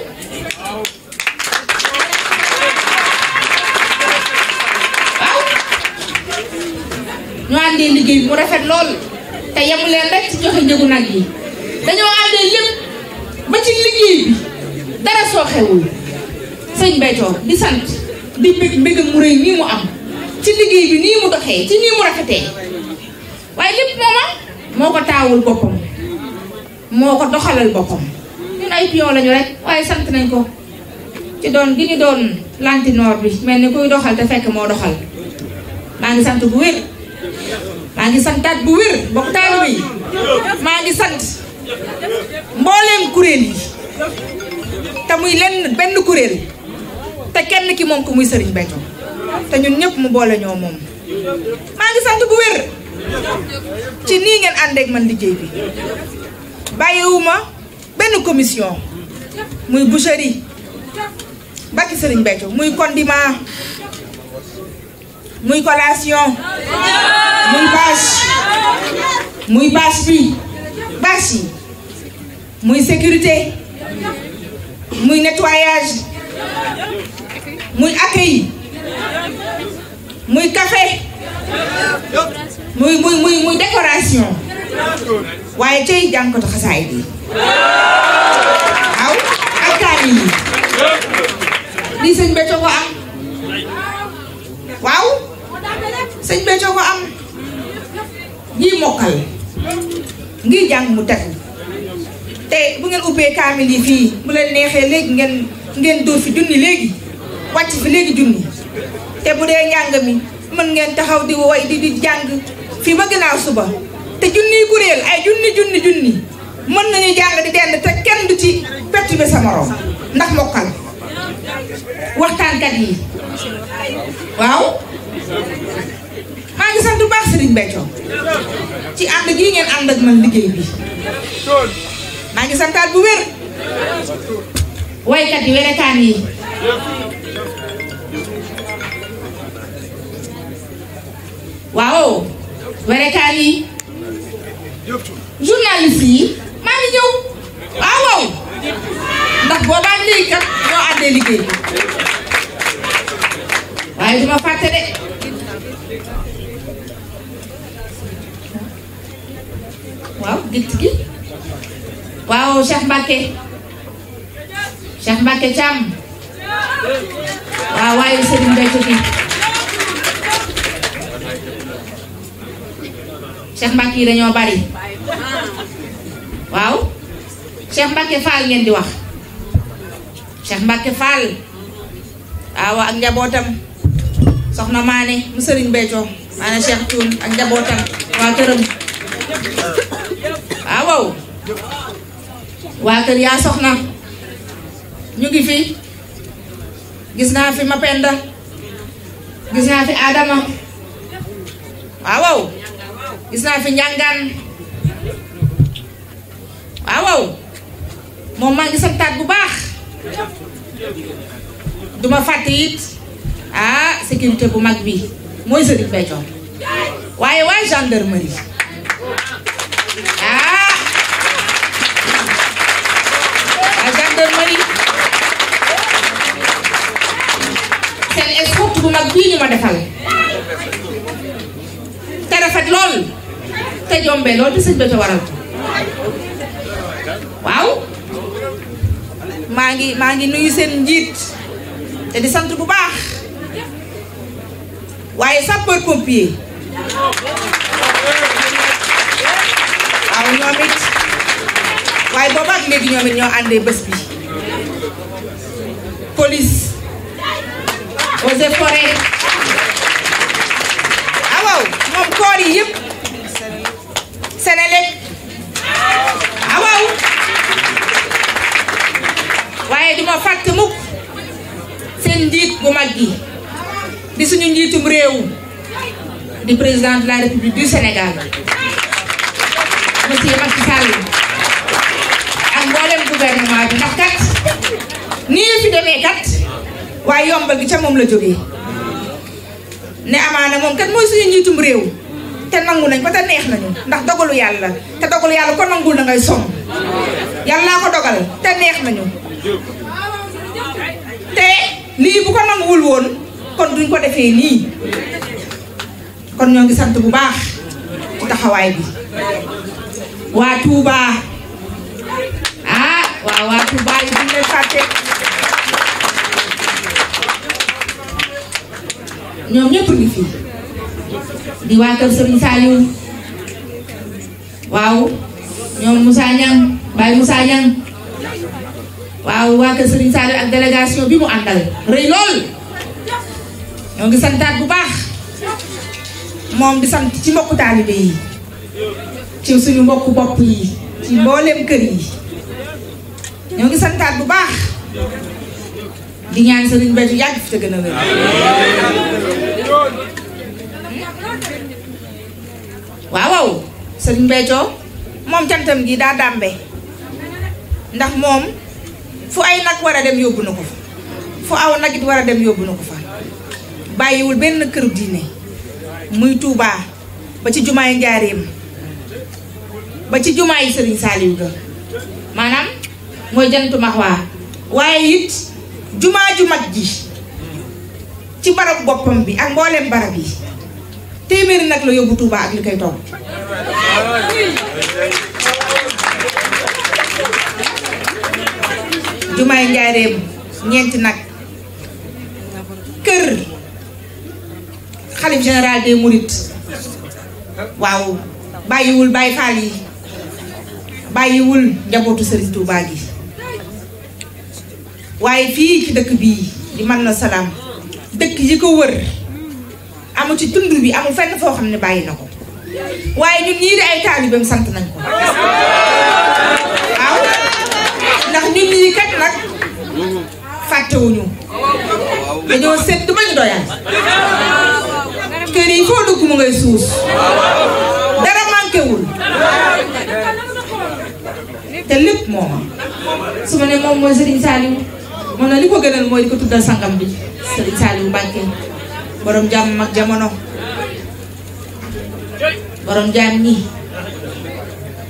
waaw ñu àndee liggéey bi mu rafet lool te yemu leen rek ci joxe njëgu nag yi dañoo àndee lépp ba ci liggéey bi dara sooxewul sëñ Béthio di sant di mbég mbégam mu rëy nii mu am ci liggéey bi nii mu doxee ci nii mu rafetee waaye lépp mooma moo ko taawul boppam moo ko doxalal boppam ñun ay pion lañu rek waaye sant nañ ko ci doon gi ñu doon lantinoor bi mel ni kuy doxal te fekk moo doxal maa ngi sant bu wér maa bu wér bokk taalibe yi maa ngi kuréel yi te muy lenn benn kuréel te kenn ki moom ko muy sëriñ Béthio te ñun ñëpp mu boole ñoo moom maa ngi sant bu wér ci nii ngeen àndeek man liggéey bi bàyyiwuma benn commission muy boucherie bakki sëriñ Béthio muy condiment muy collation muy bâche muy bâche bi bâche muy sécurité muy nettoyage muy accueil muy café muy muy muy muy waaye cay jànkatu xasaay bi waaw ak kaamil yi lii sëñ Béthio ko am waaw sëñ Béthio ko am ñii mokkal ngir jàng mu tegu te bu ngeen ubbee kaamil yi fii bu leen neexee léegi ngeen ngeen dóor fi junni léegi wàcc fi léegi junni te bu dee njàng mi mën ngeen taxaw di woy di di jàng fii ba ginnaaw suba te junniy kuréel ay junni junni junni mën nañu jàng di dend te kenn du ci pett bi sa morom ndax mokkal waxtaankat yi waaw maa ngi sant bu baax Serigne ci ànd gii ngeen ànd man liggéey bi maa ngi bu wér waykat yi werekaan yi waaw werekaan yi journaliste yi maa ñëw waaw ah, waaw ndax boobaa léegi kat ñoo àndee liggéey waaye duma fàtte de waaw gitt waaw Cheikh Mbacke Cheikh Mbacke Thiam waaw waaye Serigne Mbaye Cheikh Mbacke yi dañoo bari waaw Cheikh Mbacke Fall ngeen di wax Cheikh Mbacke Fall waaw ak njabootam soxna Maane mu sëriñ Béthio maanaam Cheikh Thioune ak njabootam waa këram waaw waa kër yaa soxna ñu ngi fi gis naa fi Mapenda gis naa fi Adama waaw gis naa fi njàngaan waaw moom maa ngi santaat bu baax duma fàtte it ah, sécurité bu mag bi mooy Serigne Béthio waaye waa gendarmerie ah gendarmerie seen escorte bu mag bii ñu ma defal te rafet lool te jombee loolu te sëñ Béthio waral waaw maa ngi maa ngi nuyu seen njiit te di sant bu baax waaye sapeur pompier waaw ñoom waaye booba léegi ñoom ñoo àndee bés bi police eaux et forêts awaw ah, moom koor yi yëpp Senelec awaaw waaye duma fàtte mukk seen njiit bu mag gi di suñu njiitum réew di président de la république du Sénégal monsieur Macky Sall ak mboolem gouvernement bi ndax kat nii fi demee kat waaye yombal gi ca moom la jógee ne amaana moom kat mooy suñu njiitum réew te nangu nañ ko te neex nañu ndax dogalu yàlla te dogalu yàlla ko nangul na ngay sonn yàllaa ko dogal te neex nañu te lii bu ko nanguwul woon kon duñ ko defee nii kon ñoo ngi sant bu baax taxawaay bi waa Touba ah waaw waa Touba yi duñ leen fàtte ñoom ñëpp ngi fii di waa kër Serigne Saliou waaw ñoom Moussa Niang Baye Moussa Niang waaw waa kër Serigne Saliou ak délégation bi mu àndal rëy lool ñoo ngi santaat bu baax moom di sant ci mbokku taalibe yi ci suñu mbokku bopp yi ci mboolem kër yi ñoo ngi santaat bu baax di ñaan Serigne Béthio yàgg fi te gën a wér waaw waaw sëñ moom jantam gi daa dàmbe ndax moom fu ay nag war a dem yóbbu na ko fa fu aw nag it war a dem yóbbu na ko fa bàyyiwul benn këru diine muy Touba ba ci jumaa jumaay njaareem ba ci jumaayi sëriñ Saliou ga maanaam mooy jantu max waa waaye it jumaa ju mag ji ci barab boppam bi ak mboolem barab yi téeméeri nag la yóbbu Touba ak li koy toog jumaay njaareem ñeenti nag kër xalif général des mourides waaw bàyyiwul bàyyi faal yi bàyyiwul njabootu Serigne Touba gi waaye fii ci dëkk bii di man na salaam dëkk yi ko wër amul ci tund bi amul fenn foo xam ne bàyyi na ko waaye ñun ñii di ay taalibeem sant nañ ko waaw ndax ñun ñii kat nag fàttewuñu dañoo seet du bañ doyal kër yi foo dugg mu ngay suus dara manqué wul te lépp mooma su ma ne moom mooy Serigne Saliou moom na li ko gënal mooy di ko tuddal sangam bi Serigne Saliou Mbacké borom jàmm ak jamono borom jaam ñi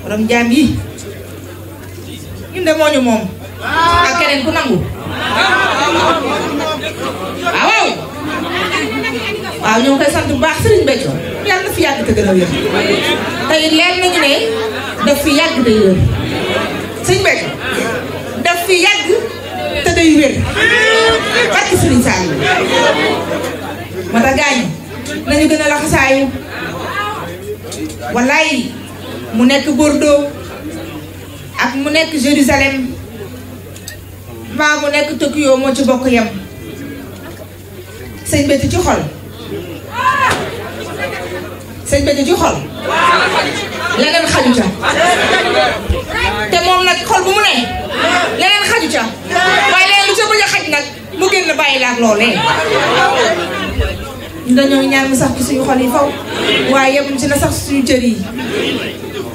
borom jaam yi ñun de moo ñu moom ak keneen ku nangu waaw waaw ñoo koy sant bu baax Serigne Béthio yàlla na fi yàgg te gën wér tey leer nañu ne daf fi yàgg day wér Serigne Béthio daf fi yàgg te day wér barki Serigne Sall ma nañu gën a laxasaayu wallaay mu nekk Bordeaux ak mu nekk Jérusalem mbaa mu nekk Tokyo moo ci bokk yem sëñ Béthio ci xol sëñ Béthio ci xol leneen xaju ca te moom nag xol bu mu ne leneen xaju ca waaye leneen lu ca bëgg xaj nag mu génn bàyyi la loolee ñu ñaan mu sax ci suñu xol yi faw waaye yemuñ ci na sax suñu cër yi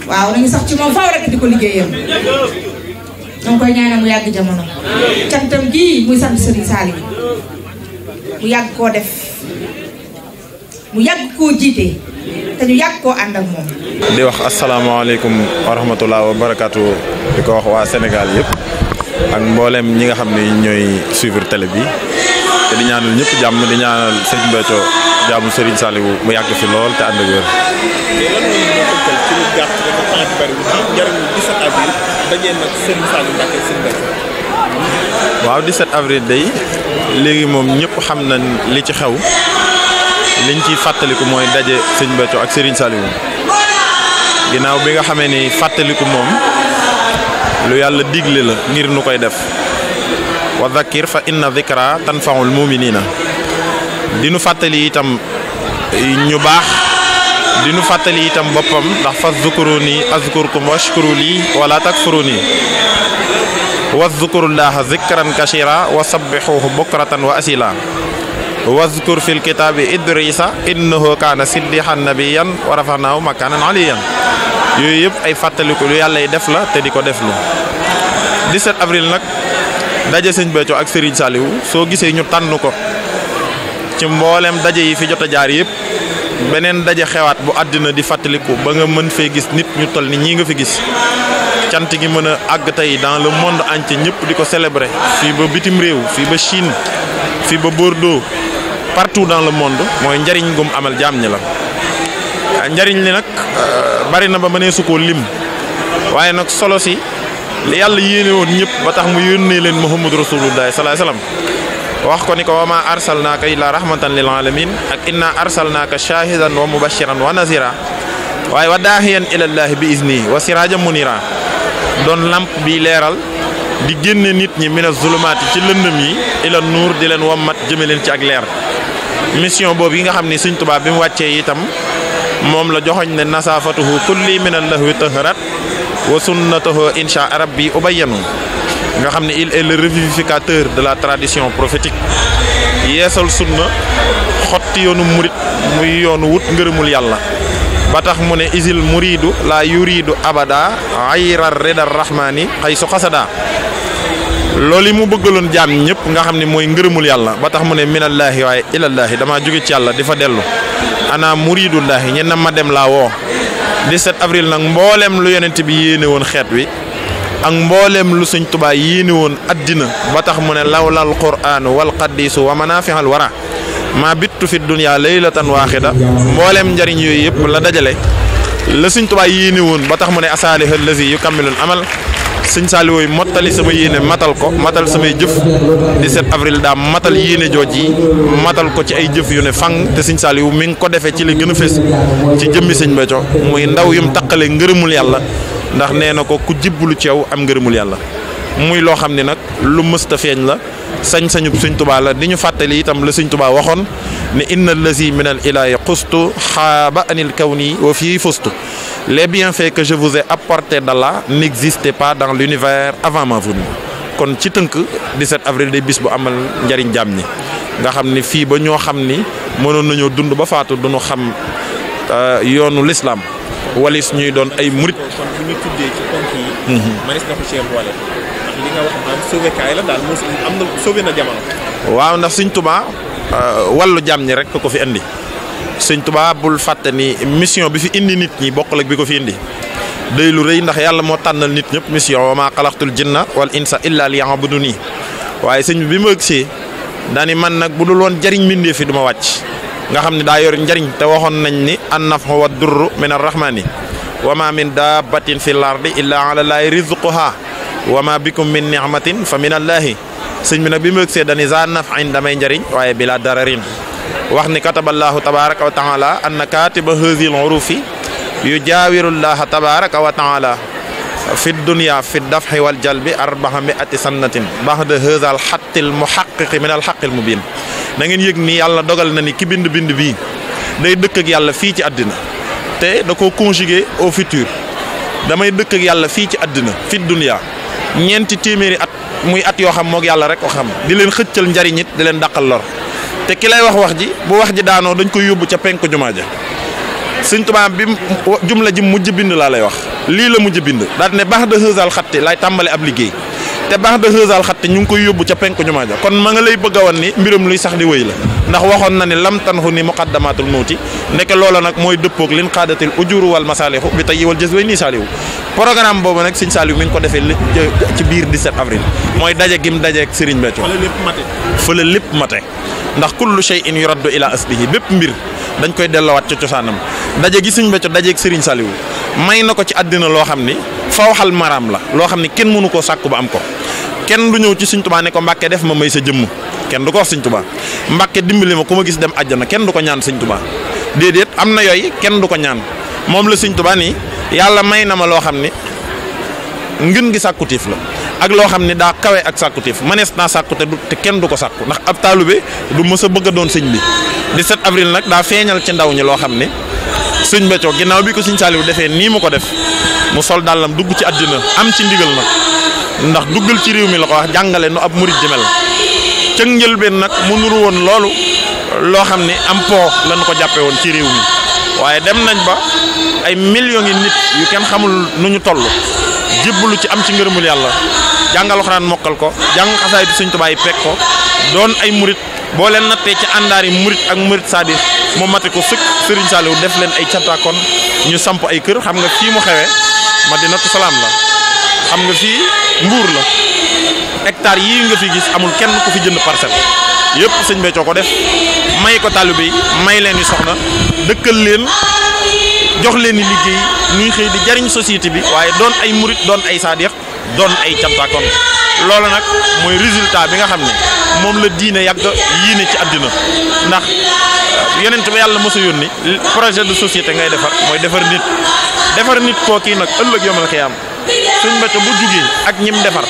waaw nañu sax ci moom faw rek di ko liggéeyam ñoo ngi koy ñaanal mu yàgg jamono cantam gii muy sant Serigne Saliou mu yàgg koo def mu yàgg koo jiite te ñu yàgg koo ànd ak moom.
di wax asalaamaaleykum wa rahmatulah wa barakaatu di ko wax waa Sénégal yëpp ak mboolem ñi nga xam ne ñooy suivre télé bi. te di ñaanal ñëpp jàmm di ñaanal sëñ Béthio jàmm mu yàgg fi lool te ak wér. mais lan moo ñu day léegi moom ñëpp xam na li ci xew liñ ciy fàttaliku mooy daje sëñ Béthio ak Serigne Saliou ginnaaw bi nga xamee ni fàttaliku moom lu yàlla digle la ngir nu koy def. wa dhakkir fa inna dhikra tanfaul muminina di nu fàttali itam ñu baax di nu fàttali itam boppam ndax fa zukuruni azkurkum washkuru lii wala takfuruni wazkurullaha zikran kashira wa sabbihuhu bukratan wa asila wazkur fil kitaabi idrisa innahu kaana siddihan nabiyan wa rafanahu makanan aliyan yooyu yëpp ay fàttaliku lu yàlla def la te di ko def lu 17 avril nag daje sëñ Béthio ak Serigne Saliou soo gisee ñu tànn ko ci mbooleem daje yi fi jot a jaar yëpp beneen daje xewaat bu àddina di fàttaliku ba nga mën fee gis nit ñu toll ni ñii nga fi gis cant gi mën a àgg tey dans le monde entier ñëpp di ko célébrer fii ba bitim réew fii ba Chine fii ba Bordeaux partout dans le monde mooy njariñ gum amal jaam ñi la njariñ li nag euh, bari na ba mënee su lim waaye nag solo si li yàlla yéene woon ñëpp ba tax mu yónnee leen muhammadu rasulullahi salaay salaam wax ko ni ko wa maa arsalnaaka illaa rahmatan lil alamin ak inna ko shahidan wa mubashiran wa nazira waaye wa daahiyan ilallaahi bi isni wa siraajan munira doon lamp bi leeral di génne nit ñi mina zulumaati ci lëndëm yi ila nuur di leen mat jëme leen ci ak leer mission boobu yi nga xam ni suñ Tuubaa bi mu wàccee itam moom la joxoñ ne nasaafatuhu kulli min allahwi taharat wa sunnatahu insha rabbi ubayyanu nga xam ne il est le revivificateur de la tradition prophétique yeesal sunna xotti yoonu murit muy yoonu wut ngërëmul yàlla ba tax mu ne isil muridu laa yuridu abada ayra redar rahmani xay su xasada lool yi mu bëggaloon jaam ñëpp nga xam ne mooy ngërëmul yàlla ba tax mu ne minallaahi waaye ilallaahi damaa jóge ci yàlla di fa dellu ana muridullaahi ñenn ma dem laa woo 17 avril nag mbooleem lu yonent bi yéene woon xeet wi ak mboolem lu sëñ Tuubaa yéene woon addina ba tax mu ne lawlal quraan wal qaddiisu wa manaafi'al wara maa bittu fi dunya laylatan waaxida mbooleem njariñ yooyu yëpp la dajale la sëñ Tuubaa yéene woon ba tax mu ne asaalihal lazi yukammilul amal sëñ Saliou mottali sama yéene matal ko matal samay jëf 17 avril daa matal yéene jooj yi matal ko ci ay jëf yu ne fan te sëñ Saliou mi ngi ko defee ci li gën a fés ci jëmmi sëñ Béthio muy ndaw yum taqale ngërëmul yàlla ndax nee na ko ku jibbalu ci yow am ngërëmul yàlla muy loo xam ni nag lu mësta feeñ la sañ-sañub suñ tubaa di ñu fàttali itam la suñ tubaa waxoon ne inna allazi min al ilahi xustu xaaba anil kawni wa fii fustu les bienfaits que je vous ai apportés d'Allah n'existaient pas dans l'univers avant ma venue kon ci tënk 17 avril day bis bu amal njariñ jàmm ni nga xam ni fii ba ñoo xam ni mënoon nañoo dund ba faatu duñu xam euh, yoonu lislaam walis ñuy doon ay murit kon ñu tuddee ci ponk yi. Mhm. ndax li waaw ndax sëñ Tuubaa euh, wàllu jàmm ñi rek ko fi indi sëñ Tuubaa bul fàtte ni mission bi fi indi nit ñi bokkul ak bi ko fi indi day lu rëy ndax yàlla moo tànnal nit ñëpp mission wa maa xalaqtul jinna wal insa illa liya'buduni waaye sëñ bi ma ëgsee daani man nag bu dul woon jariñ mbindee fi du wàcc nga xam ne daa yor njariñ te waxoon nañ ni an naf'u wa durru min arrahmani wa ma min dabbatin fil ardi illa ala llahi rizquha wa ma bikum min nicmatin fa min allaahi sëñ bi nag bi mu ëgsee dani za nafain damay njariñ waaye bila dararin wax ni kataballaahu tabaraka wa taala anna katiba hasil urufi yu jaawirullaaha tabaraka wa taala fi dunya fi dafxi wal jalbi arbaa miati sannatin baxda haasal min al xaqil mubin yëg ni yàlla dogal na ni ki bindu bind bi day dëkk ak yàlla fii ci àddina te da ko conjugué au futur damay dëkk ak yàlla fii ci àddina fi dunya ñeenti téeméeri at muy at yoo xam moog yàlla rek ko xam di leen xëccal njariñ it di leen daqal lor te ki lay wax wax ji bu wax ji daanoo dañ koy yóbbu ca penku jumaa ja Sëñ Tuubaa bi jumla ji mujj bind laa lay wax lii la mujj bind daal ne baax de xësal xatti lay tàmbale ab liggéey te baax de xësal xatti ñu ngi koy yóbbu ca penku jumaa ja kon ma nga lay bëgg a wan ni mbiram luy sax di wéy la ndax waxoon na ne lam tanxu ni muqaddamatul mawti nekk loola nag mooy dëppoog lin xaadatil ujuru wal masaalihu bi tey wal jës way nii saalihu programme boobu nag sëñ Saliou mi ngi ko defee ci biir 17 avril mooy daje gim dajeeg Serigne Béthio fële lépp mate fële lépp mate ndax kullu shay'in yuraddu ila aslihi bépp mbir dañ koy delloowaat ca cosaanam daje gi Serigne Béthio dajeeg Serigne Saliou may na ko ci àddina loo xam ni fawxal maraam la loo xam ni kenn mënu koo sàkk ba am ko kenn du ñëw ci Serigne Touba ne ko Mbàkke def ma may sa jëmm kenn du ko wax Serigne Touba Mbàkke dimbali ma ku ma gis dem àjjana kenn du ko ñaan Serigne Touba déedéet am na yooyu kenn du ko ñaan moom la Serigne Touba nii yàlla may na ma loo xam ni ngën gi sàkkutif la ak loo xam ni daa kawe ak sàkkutif manees naa sàkku te du te kenn du ko sàkku ndax ab taalibe du mës a bëgg doon sëñ bi di set avril nag daa feeñal ci ndaw ñi loo xam ni sëñ Béthio ginnaaw bi ko sëñ Saliou defee nii mu ko def mu sol dàllam dugg ci àddina am ci ndigal nag ndax duggal ci réew mi la ko wax jàngale nu ab murit di mel cëg njëlbeen nag mu nuru woon loolu loo xam ni am po lañu ko jàppe woon ci réew mi ay millions yi nit yu kenn xamul nu ñu toll jébbalu ci am ci ngërëmul yàlla jàngal alxuraan mokkal ko jàng xasaay di Sëñ Tuubaa ko doon ay murit boo leen nattee ci àndaar murit ak murit saadi moo mati ko sëkk Serigne Saliou def leen ay cantaakon ñu samp ay kër xam nga fii mu xewee Madinatu Salaam la xam nga fii mbuur la hectare yi nga fi gis amul kenn ku fi jënd parcelle yëpp sëñ Béthio ko def may ko taalibe yi may leen yu soxna dëkkal leen jox leen ni liggéey ñuy xëy di jariñ société bi waaye doon ay murit doon ay saadix doon ay cantaakon loolu nag mooy résultat bi nga xam ne moom la diine yàgg yéene ci àddina ndax euh, yonent ba yàlla mos a yónni projet de société ngay defar mooy defar nit defar nit kookii nag ëllëg yomal xiyaam suñ mbécco bu jugee ak ñim defar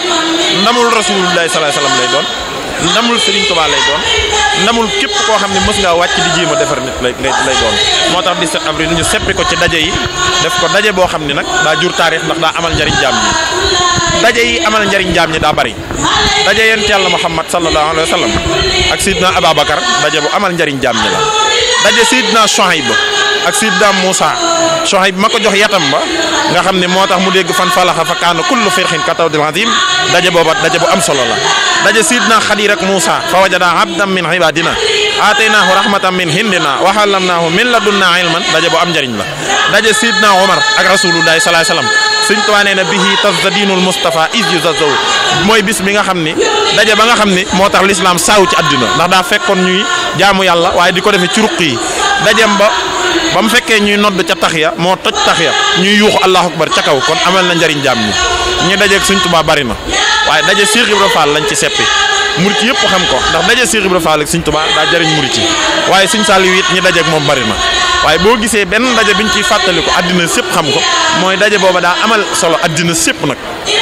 ndamul rasulullahi sa alayhi wasallam lay doon ndamul Serigne Touba lay doon ndamul képp koo xam ne mës ngaa wàcc di jéem a defar nit lay lay doon moo tax di set 17 avril ñu seppi ko ci daje yi def ko daje boo xam ne nag daa jur taarix ndax daa amal njariñ jaam ñi yi amal njariñ jaam ñi daa bari daje yent yàlla Muhammad sallallahu alayhi wa sallam ak Seydina Ababacar daje bu amal njariñ jaam ñi la daje Seydina Chouaib ak siib daam Moussa Soxayb ma ko jox yatam ba nga xam ne moo tax mu dégg fan falaxa fa kaana kullu firxin ka tawdil azim daje booba daje bu am solo la daje sidna Xadir ak Moussa fa wajada abdan min ibadina aataynaahu rahmatan min hindina wa allamnaahu min ladunna ilman daje bu am njëriñ la daje sidna Omar ak rasulullahi sallallahu alayhi wasallam suñ tuwaa nee na bihi tazza diinul Mustafa is yu zazzaw mooy bis nga xam ne daje ba nga xam ne moo tax lislaam saaw ci àddina ndax daa fekkoon ñuy jaamu yàlla waaye di ko defee ci ruq ba mu fekkee ñuy nodd ca tax ya moo toj tax ya ñuy yuuxu allahu akbar ca kaw kon amal na njariñ jaam ñi ñu dajeeg Sëñ bari na waaye daje Cheikh Ibra Fall lañ ci seppi murit yëpp xam ko ndax daje Cheikh Ibra ak Sëñ Tuubaa daa jariñ murit yi waaye Sëñ Saaliw it ñi dajeeg moom bari na waaye boo gisee benn daje biñ ciy fàttaliku àddina sépp xam ko mooy daje booba daa amal solo àddina sépp nag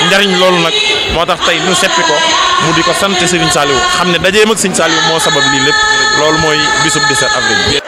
njariñ loolu nag moo tax tey ñu seppi ko mu di ko sant Serigne Saliou xam ne dajeem ak Serigne Saliou moo sabab lii lépp loolu mooy bisub 17 avril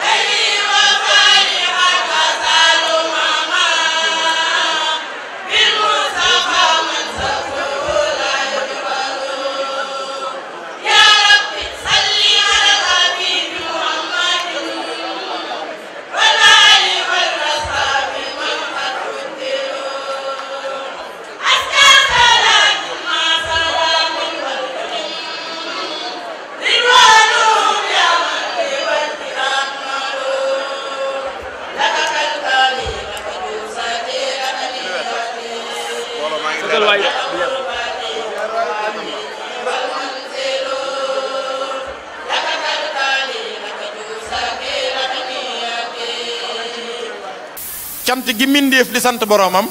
sant boroomam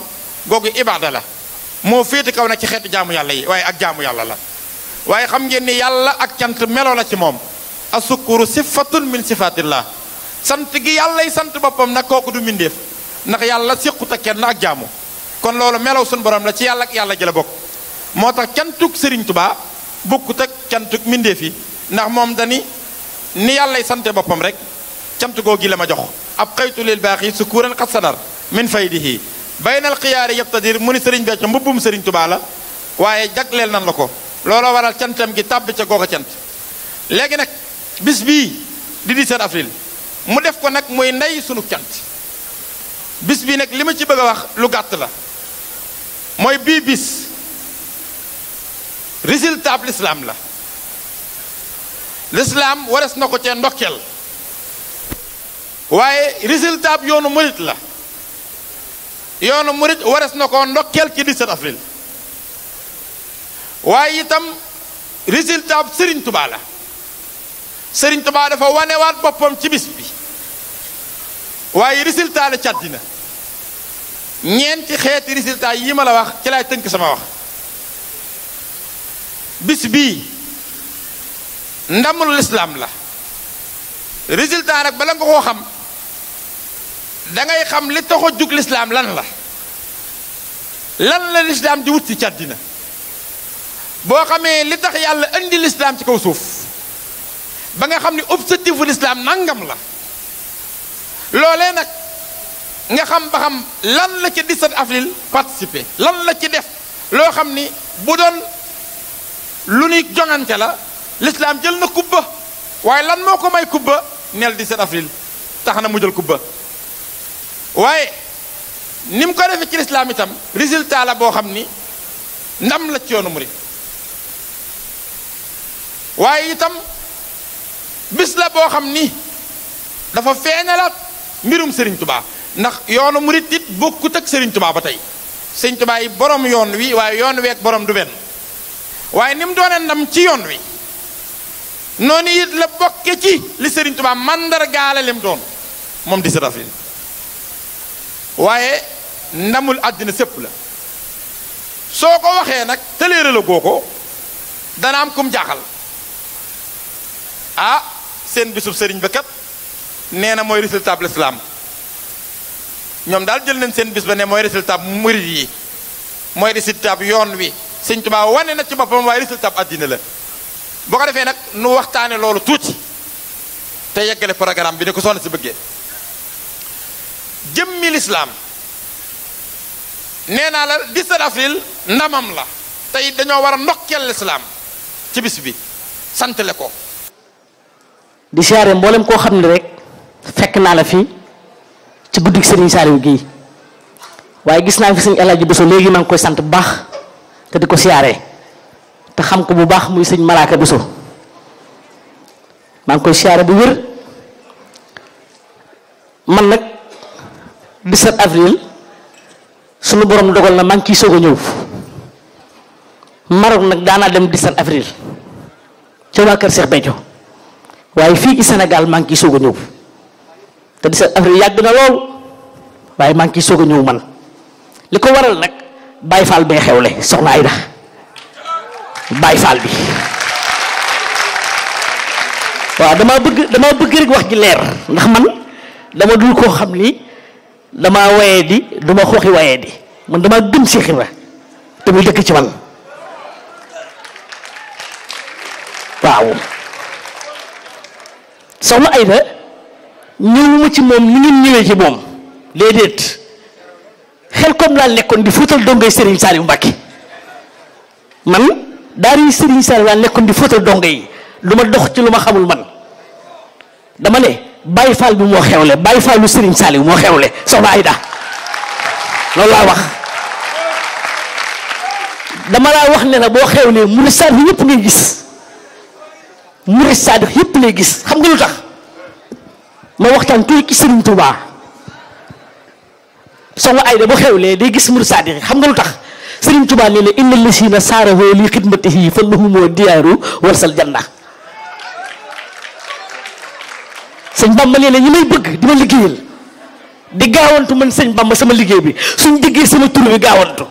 googu ibaada la moo féete kaw na ci xeetu jaamu yàlla yi waaye ak jaamu yàlla la waaye xam ngeen ni yàlla ak cant meloo la ci moom a asukuru sifatun min sifatillah sant gi yàllay sant boppam nag kooku du mbindéef ndax yàlla séqut ak kenn ak jaamu kon loolu melow suñu borom la ci yàlla ak yàlla jëla bokk moo tax cantuk sëriñ tubaa bokkut ak cantuk mbindéef yi ndax moom dani ni yàlla yàllay sante boppam rek cant googi la ma jox ab xaytu lil baax yi sukuuran xat sadar min faydihi baynal xiyaari yabtadir mu ni sëriñ becco mbubbum sëriñ tubaa la waaye jagleel nan la ko looloo waral cantam gi tàbb ca googa cant léegi nag bis bii di 17 avril mu def ko nag mooy nday sunu cant bis bii nag li ma ci bëgg a wax lu gàtt la mooy bii bis résultat bi lislaam la lislaam wares na ko cee ndokkeel waaye résultat bi yoonu murit la yoonu murit wares na koo ndokkeel ci 17 avril waaye itam résultat sëriñ tubaa la Serigne Touba dafa waat boppam ci bis bi waaye résultat la càddina ñeenti xeeti résultat yii ma la wax ci laay tënk sama wax bis bii ndamul lislaam la résultat nag bala nga koo xam da ngay xam li tax a jug lislaam lan la lan la lislaam di wut ci àddina boo xamee li tax yàlla indi lislaam ci kaw suuf ba nga xam ni objectif u lislaam nangam la loolee nag nga xam ba xam lan la ci 17 avril participer lan la ci def loo xam ni bu doon lu ñuy joŋante la lislaam jël na kubba waaye lan moo ko may kubba neel 17 avril tax na mu jël kubba waaye ni mu ko defee ci lislaam itam résultat la boo xam ni ndam la ci yoonu murit waaye itam bis la boo xam ni dafa feeñalaat mbirum Serigne Touba ndax yoonu murit it bokkut ak Serigne Touba ba tey Serigne Touba yi borom yoon wi waaye yoon week boroom du benn waaye ni mu doonee ndam ci yoon wi noonu it la bokke ci li Serigne Touba mandargaale lim doon moom di si rafet waaye namul àddina sépp la soo ko waxee nag tëléera la goo ko dana am kum jaaxal a ah, seen bisub sëriñ ba kat nee na mooy résultat bu lislaam ñoom daal jël nañ seen bis ba ne mooy résultat bu yi mooy résultat yoon wi sëñ Tuubaa wane na ci boppam waaye résultat àddina la boo ko defee nag nu waxtaane loolu tuuti te yeggale programme bi ne ko soxna si bëggee jëmmi lislaam nee naa la 17 avril ndamam la tey dañoo war a ndokkeel lislaam ci bis bi santale ko
di siyaare mboolem koo xam ne rek fekk naa la fi ci guddik sëriñ Saliou gii waaye gis naa fi sëñ El Hadji Bousso léegi maa koy sant bu baax te di ko siyaare te xam ko bu baax muy sëñ Malaaka Bousso maa ngi koy siyaare bu wér man nag 17 avril sunu borom dogal na maa ngi ciy soog a ñëw Maroc nag daanaa dem 17 avril ca waa Kër Cheikh Béthio waaye fii ci senegal maa ngi ciy soog a ñëw te 17 avril yàgg na lool waaye maa ngi ciy soog a ñëw man li ko waral nag Baye Fall bee xewle soxna Ayda Baye Fall bi waaw damaa bëgg damaa bëgg rek wax ji leer ndax man dama dul koo xam ni. damaa waye di du ma xooxi waye di man damaa gëm Cheikh Ibra te muy dëkk ci man waaw ay soxna Ayda ñëwuma ci moom ni ngi ñëwee ci moom déedéet xel comme laa nekkoon di fóotal dongay Serigne Saliou Mbacké man daari Serigne Saliou laa nekkoon di fóotal dongo yi lu ma dox ci lu ma xamul man dama ne Baye Fall bi moo xewle Baye Fallu Serigne Saliou moo xewle soxna Aida loolu laa wax dama laa wax ne la boo xewlee murid saadix yëpp ngay gis murid yëpp lay gis xam nga lu tax ma waxtaan tuuti ci Serigne tubaa soxna Aida bu xewlee day gis murid saadix xam nga lu tax Serigne Touba nee na inna lasina saarahoo li xidmatihi fa lahumoo diyaaru warsal janna sëñ bamba nee na ñi may bëgg di ma liggéeyal di gaawantu man sëñ bamba sama liggéey bi suñ déggee sama tur bi gaawantu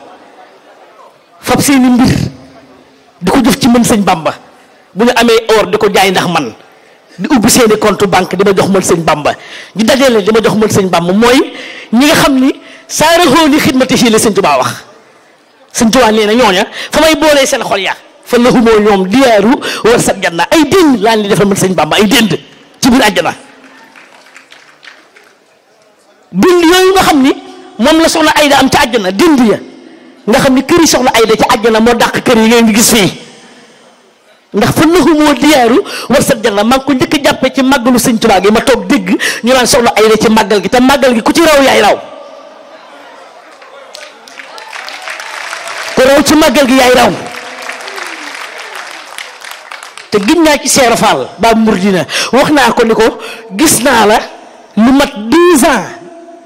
fab seeni mbir di ko jëf ci man sëñ bamba bu ñu amee or di ko jaay ndax man di ubbi seeni compte banque di jox man sëñ bamba di dajale di ma man sëñ bamba mooy ñi nga xam ni saa raxoo ni xidmati fii la sëñ wax sëñ tubaa nee na ñooña fa may boolee seen xol ya fa lahumoo ñoom diyaaru war sab janna ay dénd laan li defal man sëñ bamba ay dénd ci biir àjjana dund yooyu nga xam ni moom la soxna Ayda am ca àjjana dund ya nga xam ni këri soxna Ayda ca àjjana moo dàq kër yi ngeen di gis fii ndax fa naxu moo diyaaru war sa janna maa ko njëkk jàppe ci màggalu sëñ Tuubaa gi ma toog dégg ñu naan soxna Ayda ci màggal gi te màggal gi ku ci raw yaay raw ku raw ci màggal gi yaay raw te gin naa ci Seera Fall Murdina wax naa ko ni ko gis naa la lu mat 10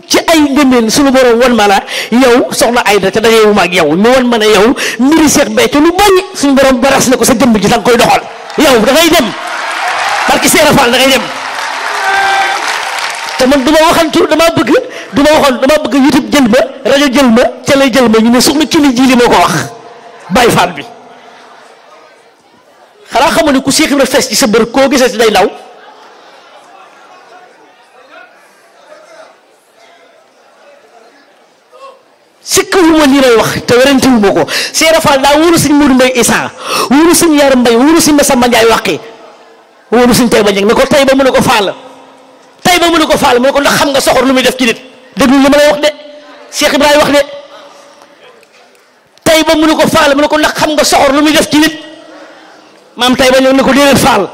ci ay ngëneel suñu borom wan ma la yow soxna Ayda te dajeewu ma ak yow mi wan ma ne yow mbiri Seex Béthio lu bañ suñu borom baras na ko sa jëmb ji da nga koy doxal yow da ngay dem barki Seera Faal da ngay dem te man du ma waxantu dama bëgg du ma waxoon dama bëgg YouTube jël ma rajo jël ma télé jël ma ñu ne soxna Kini ji li moo ko wax Baay Faal bi xanaa xamu ne ku Seex Ibra fees ci sa bër koo gisee si day ndaw sikkiwuma lii may wax te werantewuma ko Seera Fall daa wóolu suñ Modou Mbaye Issa wóolu suñ Yaaram Mbaye wóolu suñ Masamba Ndiaye waqi wóolu suñ Taïba Ndiaye ne ko Taïba mu ne ko Fall Taïba mu ne ko Fall mu ne xam nga soxor lu muy def ci nit déglu li ma lay wax de Cheikh wax de Taïba mu ne ko Fall mu ne ko ndax xam nga soxor lu muy def ci nit maam Taïba ñëw ne ko déedéet Fall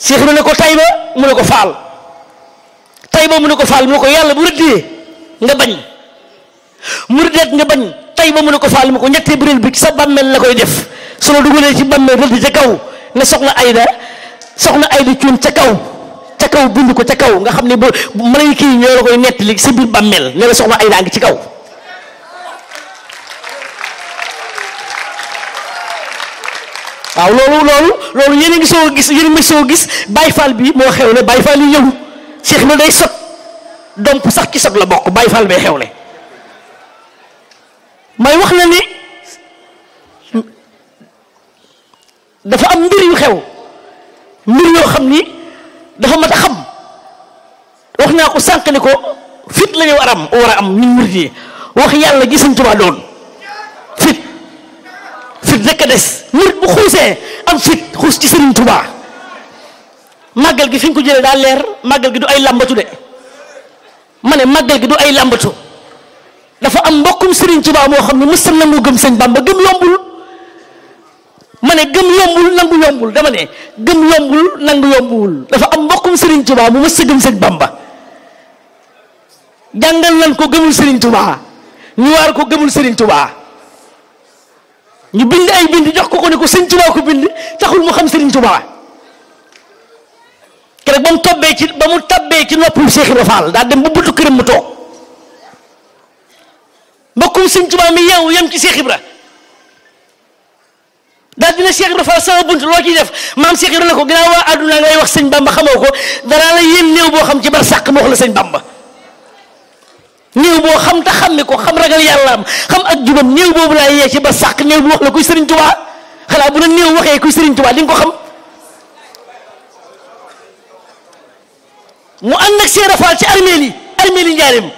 Cheikh ne ko Taïba mu ne ko Fall Taïba mu ne ko Fall mu ne ko yàlla bu rëddee nga bañ. murdeet nga bañ tey ba mu ne ko faal ma ko ñetti biril bi sa bàmmeel la koy def su la dugalee ci bàmmeel rëdd ca kaw ne soxna Ayda soxna Ayda cuun ca kaw ca kaw ko ca kaw nga xam ne ba malayka yi ñoo la koy nettali sa biir bàmmeel ne la soxna Ayda ngi ci kaw waaw loolu loolu loolu yéen ngi soo gis yéen a gis Baye bi moo xewle Baye Fall yi ñëw Cheikh na day sot domp sax ci sot la bokk Baye Fall bee xewle may wax la ne dafa am mbir yu xew mbir yoo xam ni dafa mat a xam wax naa ko sànq ne ko fit la ñu war a am war a am ñun murid yi wax yàlla gi Sëñ Tuubaa doon fit fit rekk a des murid bu xuusee am fit xuus ci Sëriñ Tuubaa màggal gi fi ñu ko jëlee daa leer màggal gi du ay làmbatu de ma ne màggal gi du ay làmbatu am mbokkum Serigne Touba moo xam ne mës a nangu gëm sëñ Bamba gëm yombul ma ne gëm yombul nangu yombul dama ne gëm dafa am mbokkum Serigne Touba mu mës a gëm sëñ Bamba jàngal nañ ko gëmul Serigne Touba ñu waar ko gëmul Serigne Touba ñu bind ay bind jox ko ko ne ko sëñ Touba ko bind taxul mu xam Serigne Touba keroog ba mu tobbee ci ba mu tabbee daa dem ba buntu këram mu toog. mbokkum sëñ Tuubaa mi yow yem ci Cheikh Ibra daal dina Cheikh Ibra Fall sama bunt loo ciy def maam Cheikh Ibra ne ko ginnaaw waa àdduna ngay wax sëñ Bamba xamoo ko danaa la yéen néew boo xam ci bar sàq ma la sëñ Bamba néew boo xam te xammi ko xam ragal yàlla am xam ak jubam néew boobu laa yee ci bar sàq néew bu wax la kuy sëriñ Tuubaa xanaa bu la néew waxee kuy sëriñ Tuubaa di ko xam mu ànd ak ci armeel yi armeel yi njaarim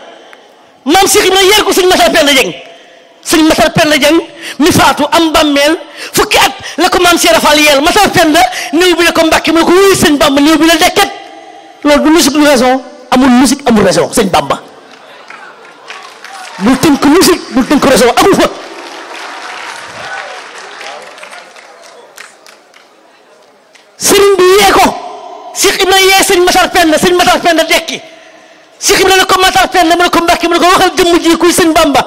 maam Cheikh Ibrahima yar ko sëñ Matar Penda Dieng sëñ Matar Penda Dieng mi faatu am bàmmeel fukki at la ko maam Cheikh Rafal yeel Matar Penda néew bi la ko mu ne ko wuyu sëñ Bamba néew bi dekket loolu du musique du amul musique amul raison sëñ Bamba bul tënk musique bul tënk raison amul fa sëriñ bi yee ko Cheikh Ibrahima yee sëñ Matar Penda sëñ Matar Penda dekki Cheikh Ibra ne ko Matar Penda la mu ne ko Mbàkke mu ne ko waxal jëmm ji kuy sëñ Bamba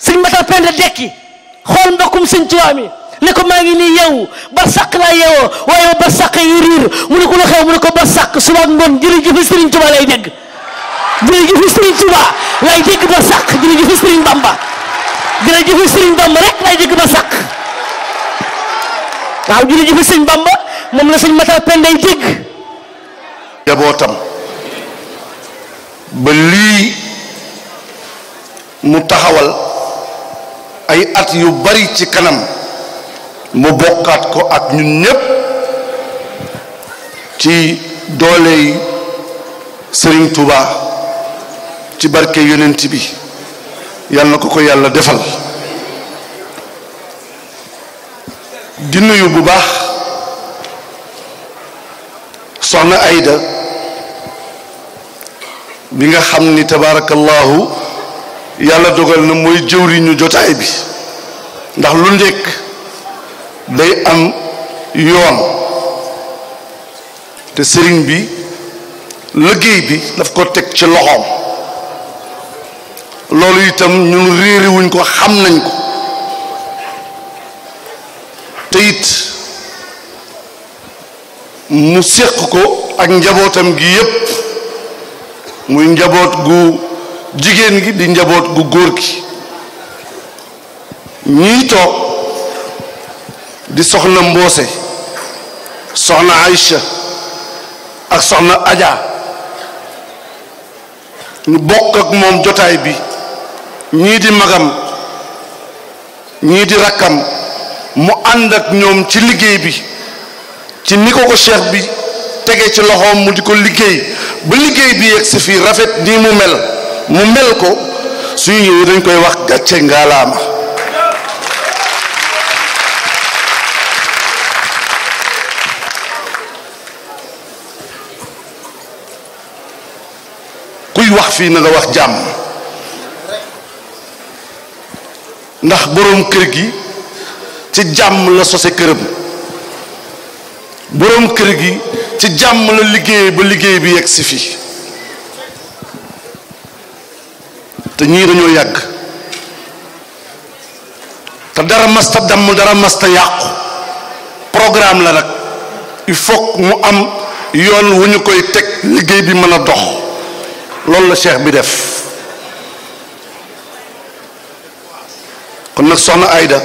sëñ Matar Penda la dekki xool mbokkum sëñ Tuubaa ne ko maa ngi nii yeewu ba sàq laa yeewoo waaye ba sàq yi riir mu ne ko la xew mu ne ko ba sàq suba ak ngoon jërëjëf Sëriñ lay dégg jërëjëf Sëriñ Tuubaa lay dégg ba sàq jërëjëf Bamba rek lay dégg ba sàq waaw jërëjëf Sëriñ Bamba moom la sëñ Matar Penda lay dégg
ba lii mu taxawal ay at yu bari ci kanam mu bokkaat ko ak ñun ñépp ci dooley Sëriñ tubaa ci barke yonent bi yàlla na ko ko yàlla defal di nuyu bu baax soxna Ayda bi nga xam ni tabaarakallaahu yàlla dogal na mooy jëwriñu jotaay bi ndax lu nekk day am yoon te sëriñ bi liggéey bi daf ko teg ci loxoom loolu itam ñun réeriwuñ ko xam nañ ko te it mu séq ko ak njabootam gi yépp muy njaboot gu jigéen gi di njaboot gu góor gi ñii toog di soxna mboose soxna Aïcha ak soxna ajaa ñu bokk ak moom jotaay bi ñii di magam ñii di rakkam mu ànd ak ñoom ci liggéey bi ci ni ko ko cheikh bi tege ci loxoom mu di ko liggéey ba liggéey bi yegg fii rafet nii mu mel mu mel ko suñ ñëwee dañ koy wax gàcce ngaalaama kuy wax fii na wax jàmm ndax boroom kër gi ci jàmm la sose këram boroom kër gi ci jàmm la liggéey ba liggéey bi yegg si fii te ñii dañoo yàgg te dara masta damm dara masta yàqu programme la nag il faut mu am yoon wu ñu koy teg liggéey bi mën a dox loolu la cheikh bi def kon nag soxna Ayda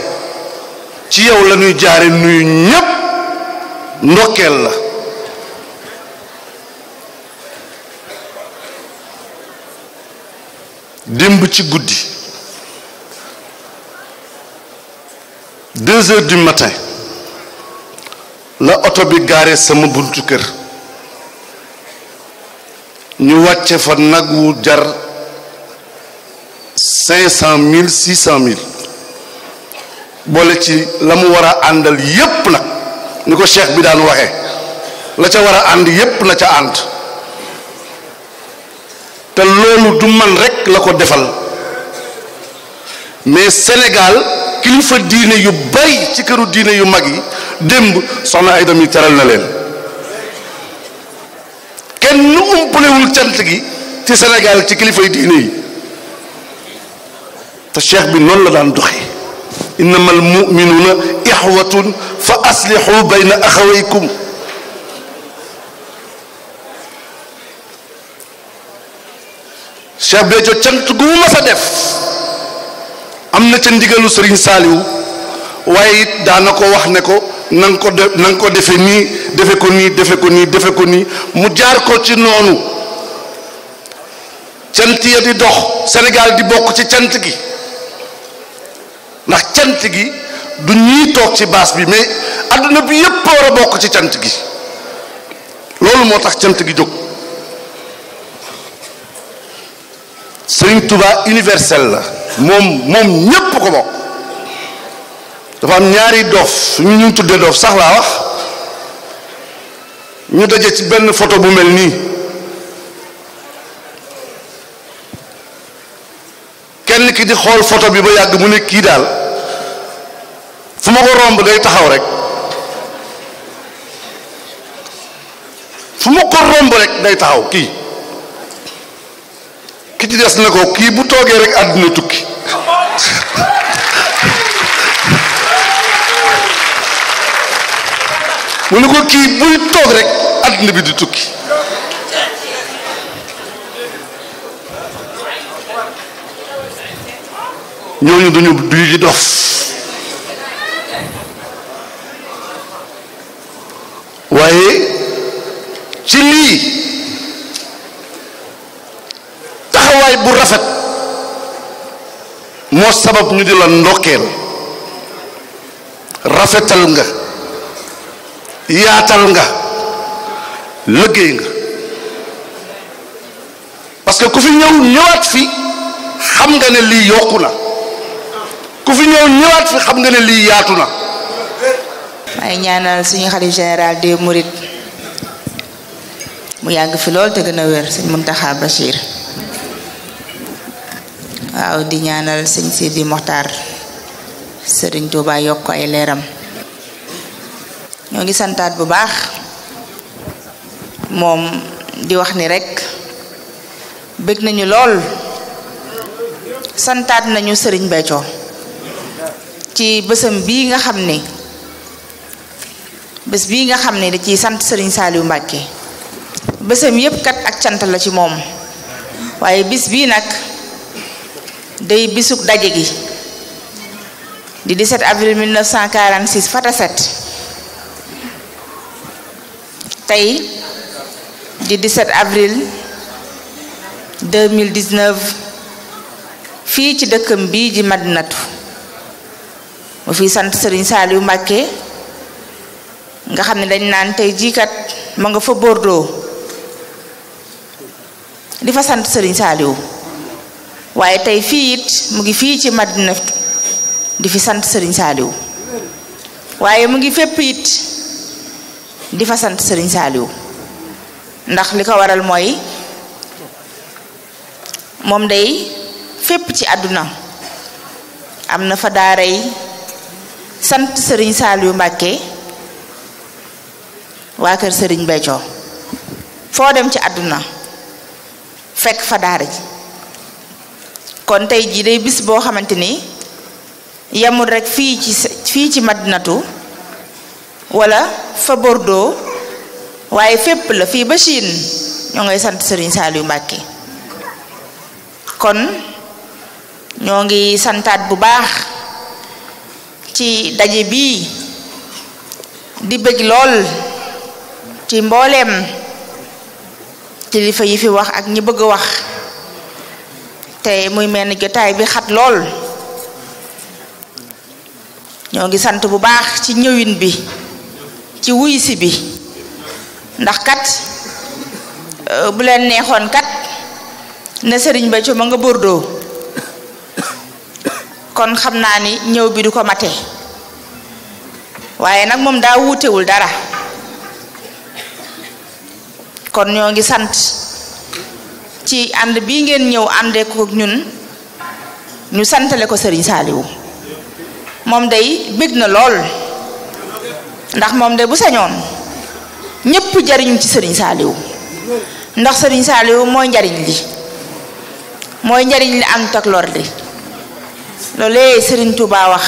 ci yow lañuy jaare nuyu ñépp ndokkeel la démb ci guddi deux heures du matin la oto bi gaare sama buntu kër ñu wàcce fa nag wu jar cinq cent mille six cent mille boole ci la mu war a àndal yépp nag ni ko cheikh bi daan waxee la ca war a ànd yépp na ca ànd te loolu du man rekk la ko defal mais Sénégal kilifa diine yu bari ci këru diine yu mag yi démb soxna ay doom teral na leen kenn nu umpalewul cant gi ci Sénégal ci kilifay diine yi te cheikh bi noonu la daan doxe innama al muminuuna fa aslixu bayna axawaykum Cheikh Béthio cant gu mu mas a def am na ca ndigalu Serigne Saliou waaye it daana ko wax ne ko nang ko de na nga ko defe nii defe ko nii defe ko nii defe ko nii mu jaar ko ci noonu cant ya di dox senegal di bokk ci cant gi ndax cant gi du ñuy toog ci baas bi mais àdduna bi yépp war a bokk ci cant gi loolu moo tax cant gi jóg Sëriñ tubaa universel la moom moom ñépp ko bokk dafa am ñaari doof ñu ñu tuddee doof sax laa wax ñu daje ci benn photo bu mel nii kenn ki di xool photo bi ba yàgg mu ne kii daal fu ma ko romb day taxaw rek fu ma ko romb rek day taxaw kii ki des na ko kii bu toogee rek àdduna tukki mu ko kii buy toog rek àdduna bi di tukki ñooñu duñu duñu dof waaye ci lii taxawaay bu rafet moo sabab ñu di la ndokkeel rafetal nga yaatal nga liggéey nga parce que ku fi ñëw ñëwaat fi xam nga ne lii yokku na ku fi ñëw ñëwaat fi xam nga ne lii yaatu na.
may ñaanal suñu xalif général des Mourides mu yàgg fi lool te gën a wér sëñ Muntaxa Bachir. waaw di ñaanal sëñ Sidi Moxtaar sëriñ Tuuba yokk ay leeram ñoo ngi santaat bu baax moom di wax ni rekk bëgg nañu lool santaat nañu sëriñ Béthio ci bësëm bii nga xam ni bés bii nga xam ni da ciy sant sëriñ Saliou Mbàkke bésam yépp kat ak cant la ci moom waaye bis bii nag day bisug daje gi di 17 avril 1946 fataset tey di 17 avril 2019 fii ci dëkkam bi ji Madinatu mu fi sant Serigne Saliou Mbacké nga xam ne dañ naan tey jiikat ma nga fa Bordeaux di fa sant Serigne Saliou waaye tey fii it mu ngi fii ci Madina di fi sant sëriñ Saliou waaye mu ngi fépp it di fa sant sëriñ Saliou ndax li ko waral mooy moom day fépp ci àdduna am na fa daaray sant sëriñ Saliou Mbàkke waa kër Serigne Béthio foo dem ci àdduna fekk fa daara ji kon tey jii day bis boo xamante ni yamul rekk fii ci fii ci madinatu wala fa Bordeaux waaye fépp la fii ba Chine ñoo ngay sant Serigne Saliou Mbacké kon ñoo ngi santaat bu baax ci daje bii di bëgg lool ci mbooleem kilifa yi fi wax ak ñi bëgg wax tey muy mel ni jotaay bi xat lool ñoo ngi sant bu baax ci ñëwin bi ci wuyusi bi ndax kat euh, bu leen neexoon kat ne sëriñ ba ci ma nga Bordeaux kon xam naa ni ñëw bi du ko mate waaye nag moom daa wuutewul dara kon ñoo ngi sant ci ànd bii ngeen ñëw àndee ko ñun ñu santale ko Serigne Saliou moom dey bég na lool ndax moom de bu sañoon ñépp jariñu ci Serigne Saliou ndax Serigne Saliou mooy njariñ li mooy njariñ li ànd ak lor li loolee Serigne Touba wax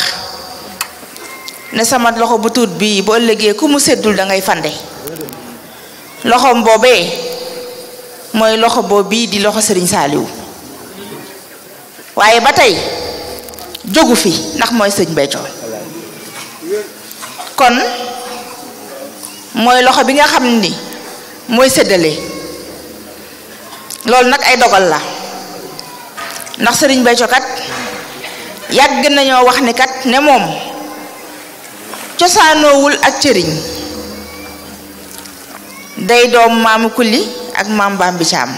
ne sama loxo bu tuut bii boo ëllëgee ku mu seddul da ngay fande loxoom boobee mooy loxo boobu bii di loxo sëriñ saaliw waaye ba tey jógu fi ndax mooy sëñ Béthio kon mooy loxo bi nga xam ni mooy sëddale loolu nag ay dogal la ndax sëriñ Béthio kat yàgg nañoo wax ni kat ne moom cosaanoowul ak cëriñ day doom maamu kulli ak maam bi Thiam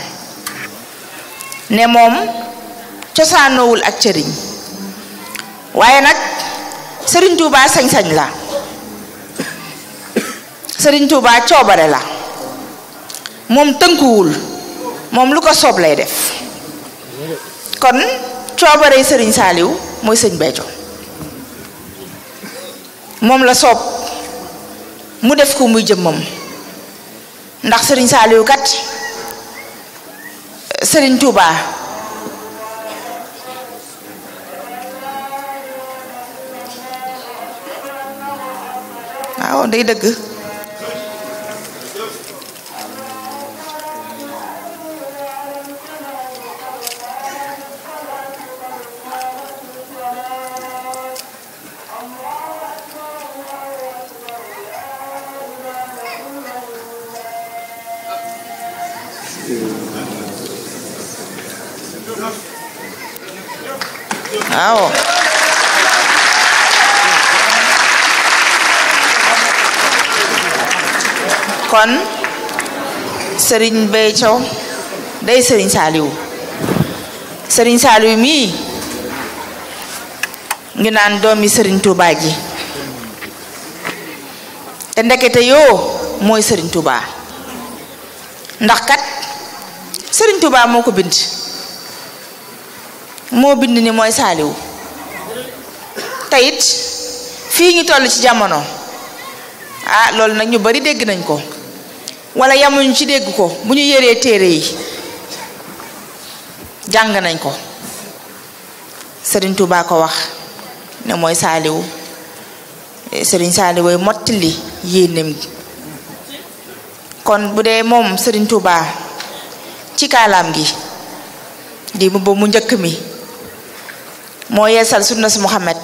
ne moom cosaanoowul ak sëriñ waaye nag sëriñ Touba sañ-sañ la sëriñ Touba coobare la moom tënkuwul moom lu ko soob lay def kon coobare sëriñ Saaliw mooy sëñ Béthio moom la soob mu def ko muy jëmmam ndax sëriñ Saaliw kat euh, sëriñ Touba waaw day dëgg sëriñ Serigne Béthio day sëriñ Saliou sëriñ Saliou mii ngi naan doomi sëriñ Touba ji te ndekete yoo mooy Serigne Touba ndax kat Serigne Touba moo ko bind moo bind ni mooy saaliw te fii ñu toll ci jamono ah loolu nag ñu bari dégg nañ ko. wala yamuñ ci dégg ko bu ñu yëree téere yi jàng nañ ko Sëriñ Tuubaa ko wax ne mooy saaliwu Sëriñ saaliwu li yéenem gi kon bu dee moom Sëriñ Tuubaa ci kaalaam gi di mu mu njëkk mi moo yeesal sunna Muhammad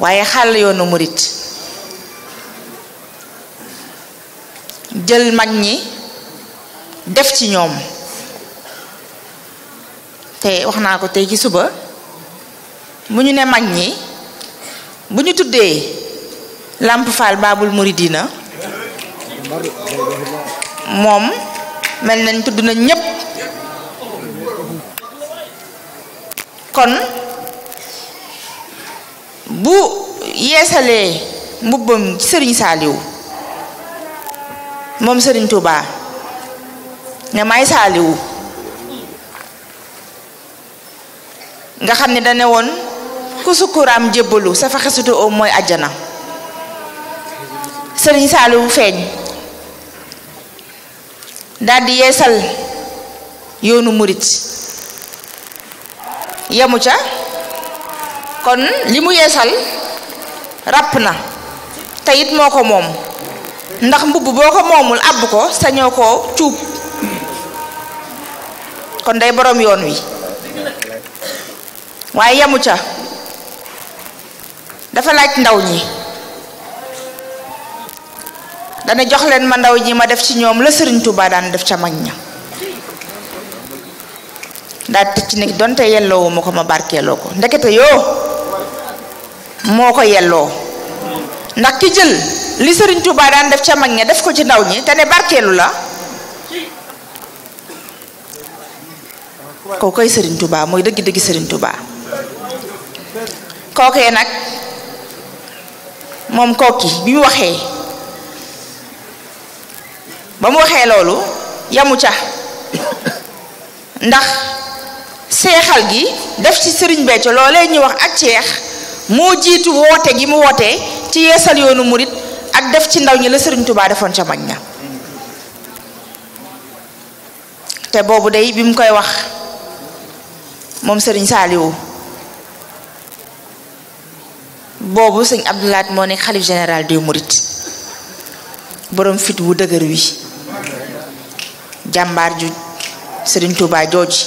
waaye xàll yoonu murit jël mag ñi def ci ñoom te wax naa ko tey ci suba bu ñu ne mag ñi bu ñu tuddee Lamp Fall Baabul Muridina moom mel nañ tudd nañ ñépp kon bu yeesalee mbubbam Sëriñ Saaliw moom Serigne Touba ne may saaliwu nga xam ni dana woon ku sukkuraam jébbalu sa fa xesitu oom mooy ajjana Serigne saaliwu feeñ daldi yeesal yoonu murit yemu ca kon li mu yeesal ràpp na te it moo ko moom ndax mbubb boo ko moomul àbb ko sañoo ko cuub kon dey boroom yoon wi waaye yamu ca dafa laaj ndaw ñi dana jox leen ma ndaw ñi ma def ci ñoom la Sëriñ Tuubaa daan def ca mag ña daa tëj ci nekk donte yelloowu ma ko ma barkeeloo ko ndekete yoo moo ko yelloo ndax ki jël li sëriñ tubaa daan def ca mag ña def ko ci ndaw ñi te ne barkeelu la koo koy sëriñ tubaa mooy dëgg dëgg sëriñ Touba kookee nag moom kooki bi mu waxee ba mu waxee loolu yamu ca ndax seexal gi def ci sëriñ Béthio loolee ñu wax ak ceex moo jiitu woote gi mu wootee ci yeesal yoonu murit ak def ci ndaw ñi la sëriñ tubaa defoon ca mag na te boobu day bi mu koy wax moom sëriñ saaliwu boobu sëñ abdulaat moo ne xalif général des murit borom fit wu dëgër wi jàmbaar ju sëriñ tubaa jooji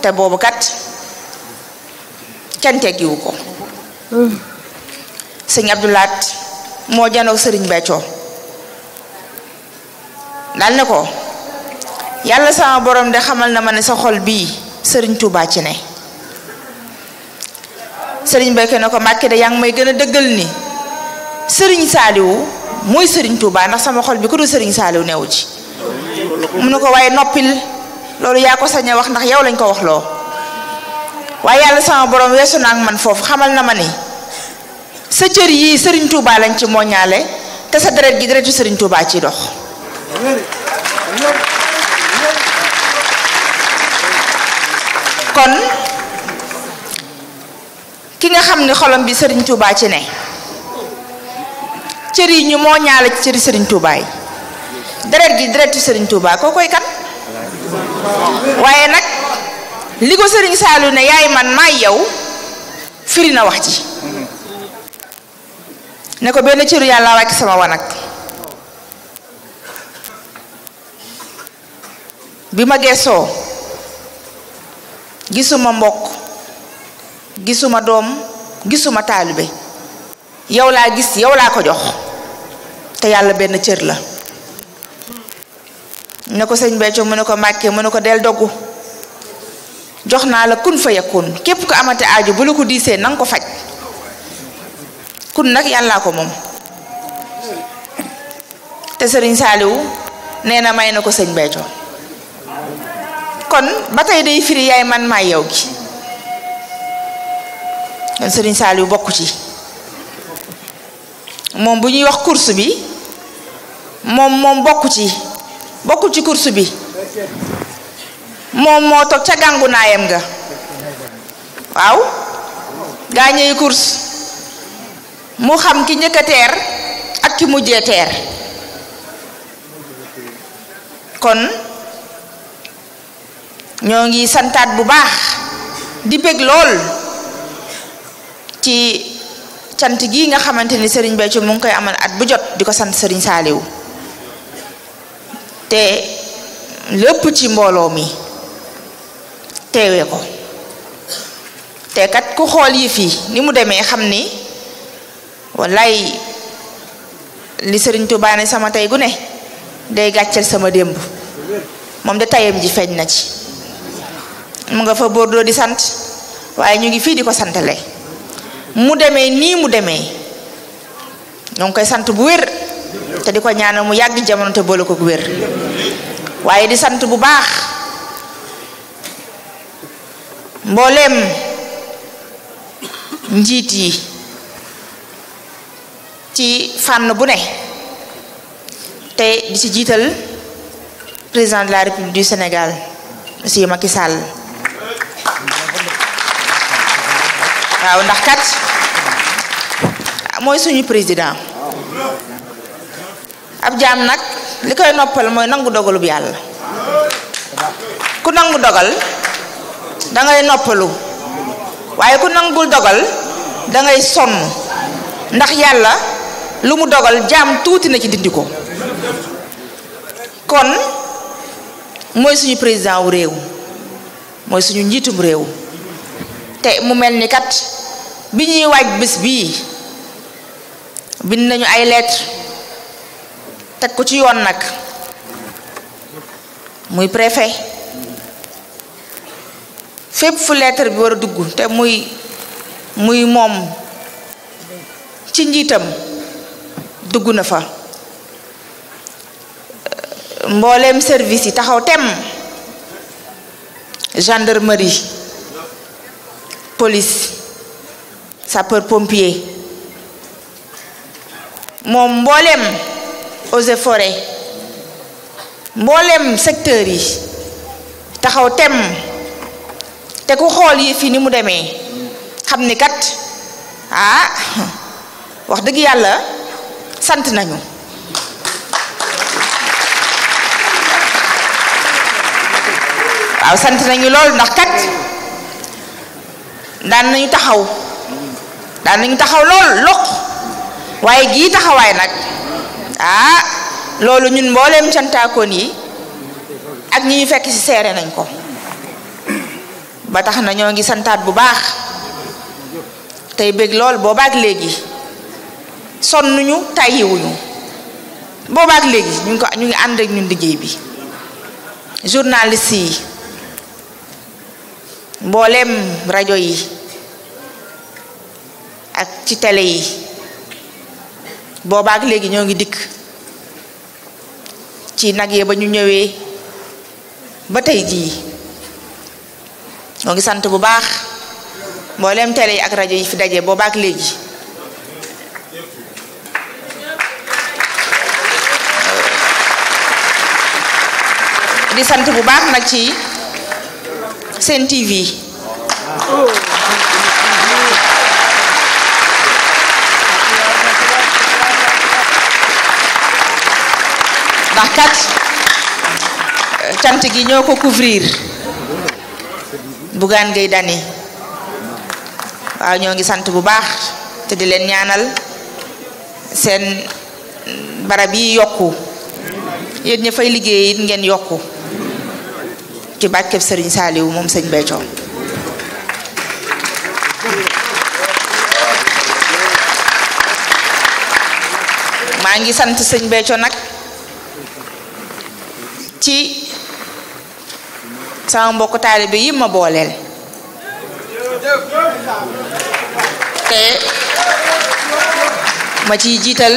te boobu kat kenn teggiwu ko sëñ Abdou Lahat moo janoog sëriñ Béthio daal ne ko yàlla sama borom de xamal na ma ne sa xol bii sëriñ tuubaa ci ne sëriñ Béthio ne ko Mbàkke de yaa ngi may gën a dëggal ni sëriñ Saaliwu mooy sëriñ Touba ndax sama xol bi ku dul sëriñ Saaliwu newu ci mu ne ko waaye noppil loolu yaa ko sañ a wax ndax yow lañ ko wax loo waaye yàlla sama borom weesu naa ak man foofu xamal na ma ni sa cër yii sëriñ Touba lañ ci moñaale te sa deret gi deretu Serigne Touba ciy dox kon ki nga xam ni xolom bi sëriñ Touba ci ne cër yi ñu moñaale ci cëri sëriñ Touba yi deret gi deretu Serigne Touba koo koy kan waaye nag li ko sëriñ Saliou ne yaay man maay yow firi na wax ci ne ko benn cëru yàlla wàcc sama wanag bi ma geesoo gisuma mbokk gisuma doom gisuma taalibe yow laa gis yow laa ko jox te yàlla benn cër la ne ko sëñ Béthio mu ne ko Mbàkke mu ne ko del doggu jox naa la kun fa yakun képp ko amate aaju bu la ko diisee nanga ko faj kun nag yàllaa ko moom te sëriñ saaliwu nee na may na ko sëñ Béthio kon ba tey day firi yaay man may yow gi kon sëriñ saaliwu bokku ci moom bu ñuy wax course bi moom ci bokkul ci course bi moom moo toog ca gàngunaayam ga waaw gaañeyi course mu xam ki njëkk a teer ak ki mujjee teer kon ñoo ngi santaat bu baax di bég lool ci cant gi nga xamante ni sëriñ Béthio mu ngi koy amal at bu jot di ko sant sëriñ Saaliw te lépp ci mbooloo mi teewee ko te kat ku xool yi fii ni mu demee xam ni wallaay li sëriñ Tuubaa ne sama tay gu ne day gàcceel sama démb moom de tayam ji feeñ na ci mu nga fa Bordeaux di sant waaye ñu ngi fii di ko santale mu demee nii mu demee ñoo ngi koy sant bu wér te di ko ñaanal mu yàgg jamono te boole ko wér waaye di sant bu baax mbooleem njiit yi ci fànn bu ne te di ci jiital président de la république du Sénégal monsieur Macky Sall waaw ndax kat mooy suñu président ab jaam nag li koy noppal mooy nangu dogalub yàlla ku nangu dogal dangay noppalu waaye ku nangul dogal dangay sonn ndax yàlla lu mu dogal jaam tuuti na ci dindi ko kon mooy suñu président wu réew mooy suñu njiitum réew te mu mel ni kat bi ñuy waaj bis bii bind nañu ay lettre teg ko ci yoon nag muy préfet fépp fu lettre bi war a dugg te muy muy moom ci njiitam dugg na fa mbooleem service yi taxaw tem gendarmerie police sapeur pompier moom mbooleem eaux et forêt mbooleem secteur yi taxaw tem te ku xool yi fi ni mu demee xam ni kat ah, wax dëgg yàlla sant nañu waaw sant nañu lool ndax kat daan nañu taxaw daan nañu taxaw lool loq waaye gii taxawaay nag ah loolu ñun mboolem cantaakoon yi ak ñi ñu fekk ci seere nañ ko ba tax na ñoo ngi santaat bu baax tey bëgg lool boobaak léegi sonnuñu tàyyiwuñu boobaak léegi ñu ngi ko ñu ngi ànd ak ñun liggéey bi journaliste yi mbooleem rajo yi ak ci tele yi boobaak léegi ñoo ngi dikk ci nag yee ba ñu ñëwee ba tey jii ñoo ngi sant bu baax mbooleem télé yi ak rajo yi fi daje boobaak léegi di sant bu baax na ci Sen TV ndax kat euh, cant gi ñoo ko couvrir Bougane Gueye dani waaw ñoo ngi sant bu baax te di leen ñaanal seen barab yi yokku yéen ña fay liggéey it ngeen yokku ci bàkkeb sëriñ Saaliwu moom sëñ Béthio maa ngi sant sëñ Béthio nag ci sama mbokk taalibe yi ma booleel te ma ciy jiital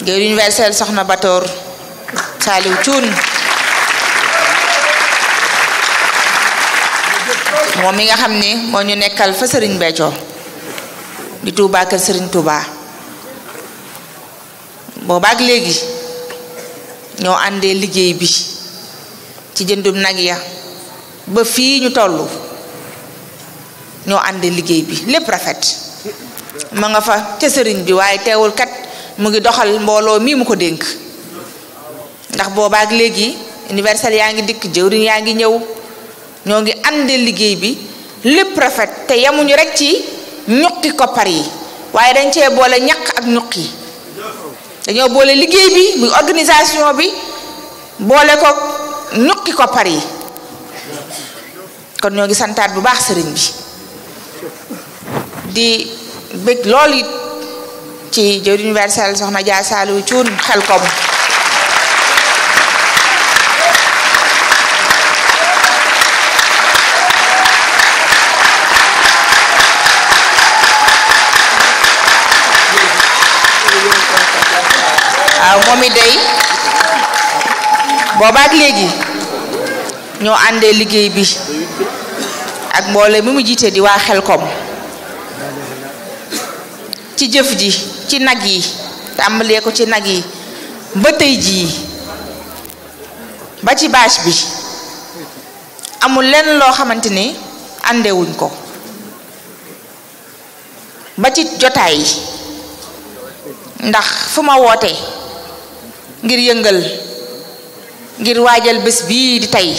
ngir universel soxna Batoor Saaliw Cuun moom mi nga xam ni moo ñu nekkal fa sëriñ Béthio di Touba kër sëriñ Touba boobaak léegi ñoo àndee liggéey bi ci jëndum nag ya ba fii ñu tollu ñoo àndee liggéey bi lépp rafet mu nga fa ca sëriñ bi waaye teewul kat mu ngi doxal mbooloo mii mu ko dénk ndax boobaak léegi universel yaa ngi dikk jëwriñ yaa ngi ñëw ñoo ngi àndee liggéey bi lépp rafet te yemuñu rekk ci ñuqi koppar yi waaye dañ cee boole ñaq ak ñuq yi dañoo boole liggéey bi muy organisation bi boole ko ñuqi koppar yi kon ñoo ngi santaat bu baax sëriñ bi di bëgg lool it ci jëwriñ universel soxna Dia Saliou Thioune xel kom waaw moom it day boobaak léegi ñoo àndee liggéey bi ak mboole mi mu jiite di waa Xelkom ci jëf ji ci nag yi tàmbalee ko ci nag yi ba tey jii ba ci bâche bi amul lenn loo xamante ni àndewuñ ko ba ci jotaay yi ndax fu ma wootee ngir yëngal ngir waajal bés bii di tey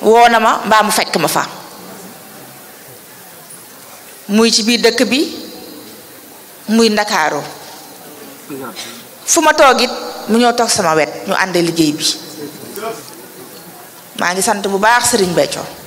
woo na ma mbaa mu fekk ma fa muy ci biir dëkk bi muy ndakaaru fu ma toogit mu ñoo toog sama wet ñu ànd liggéey bi maa ngi sant bu baax sëriñ Béthio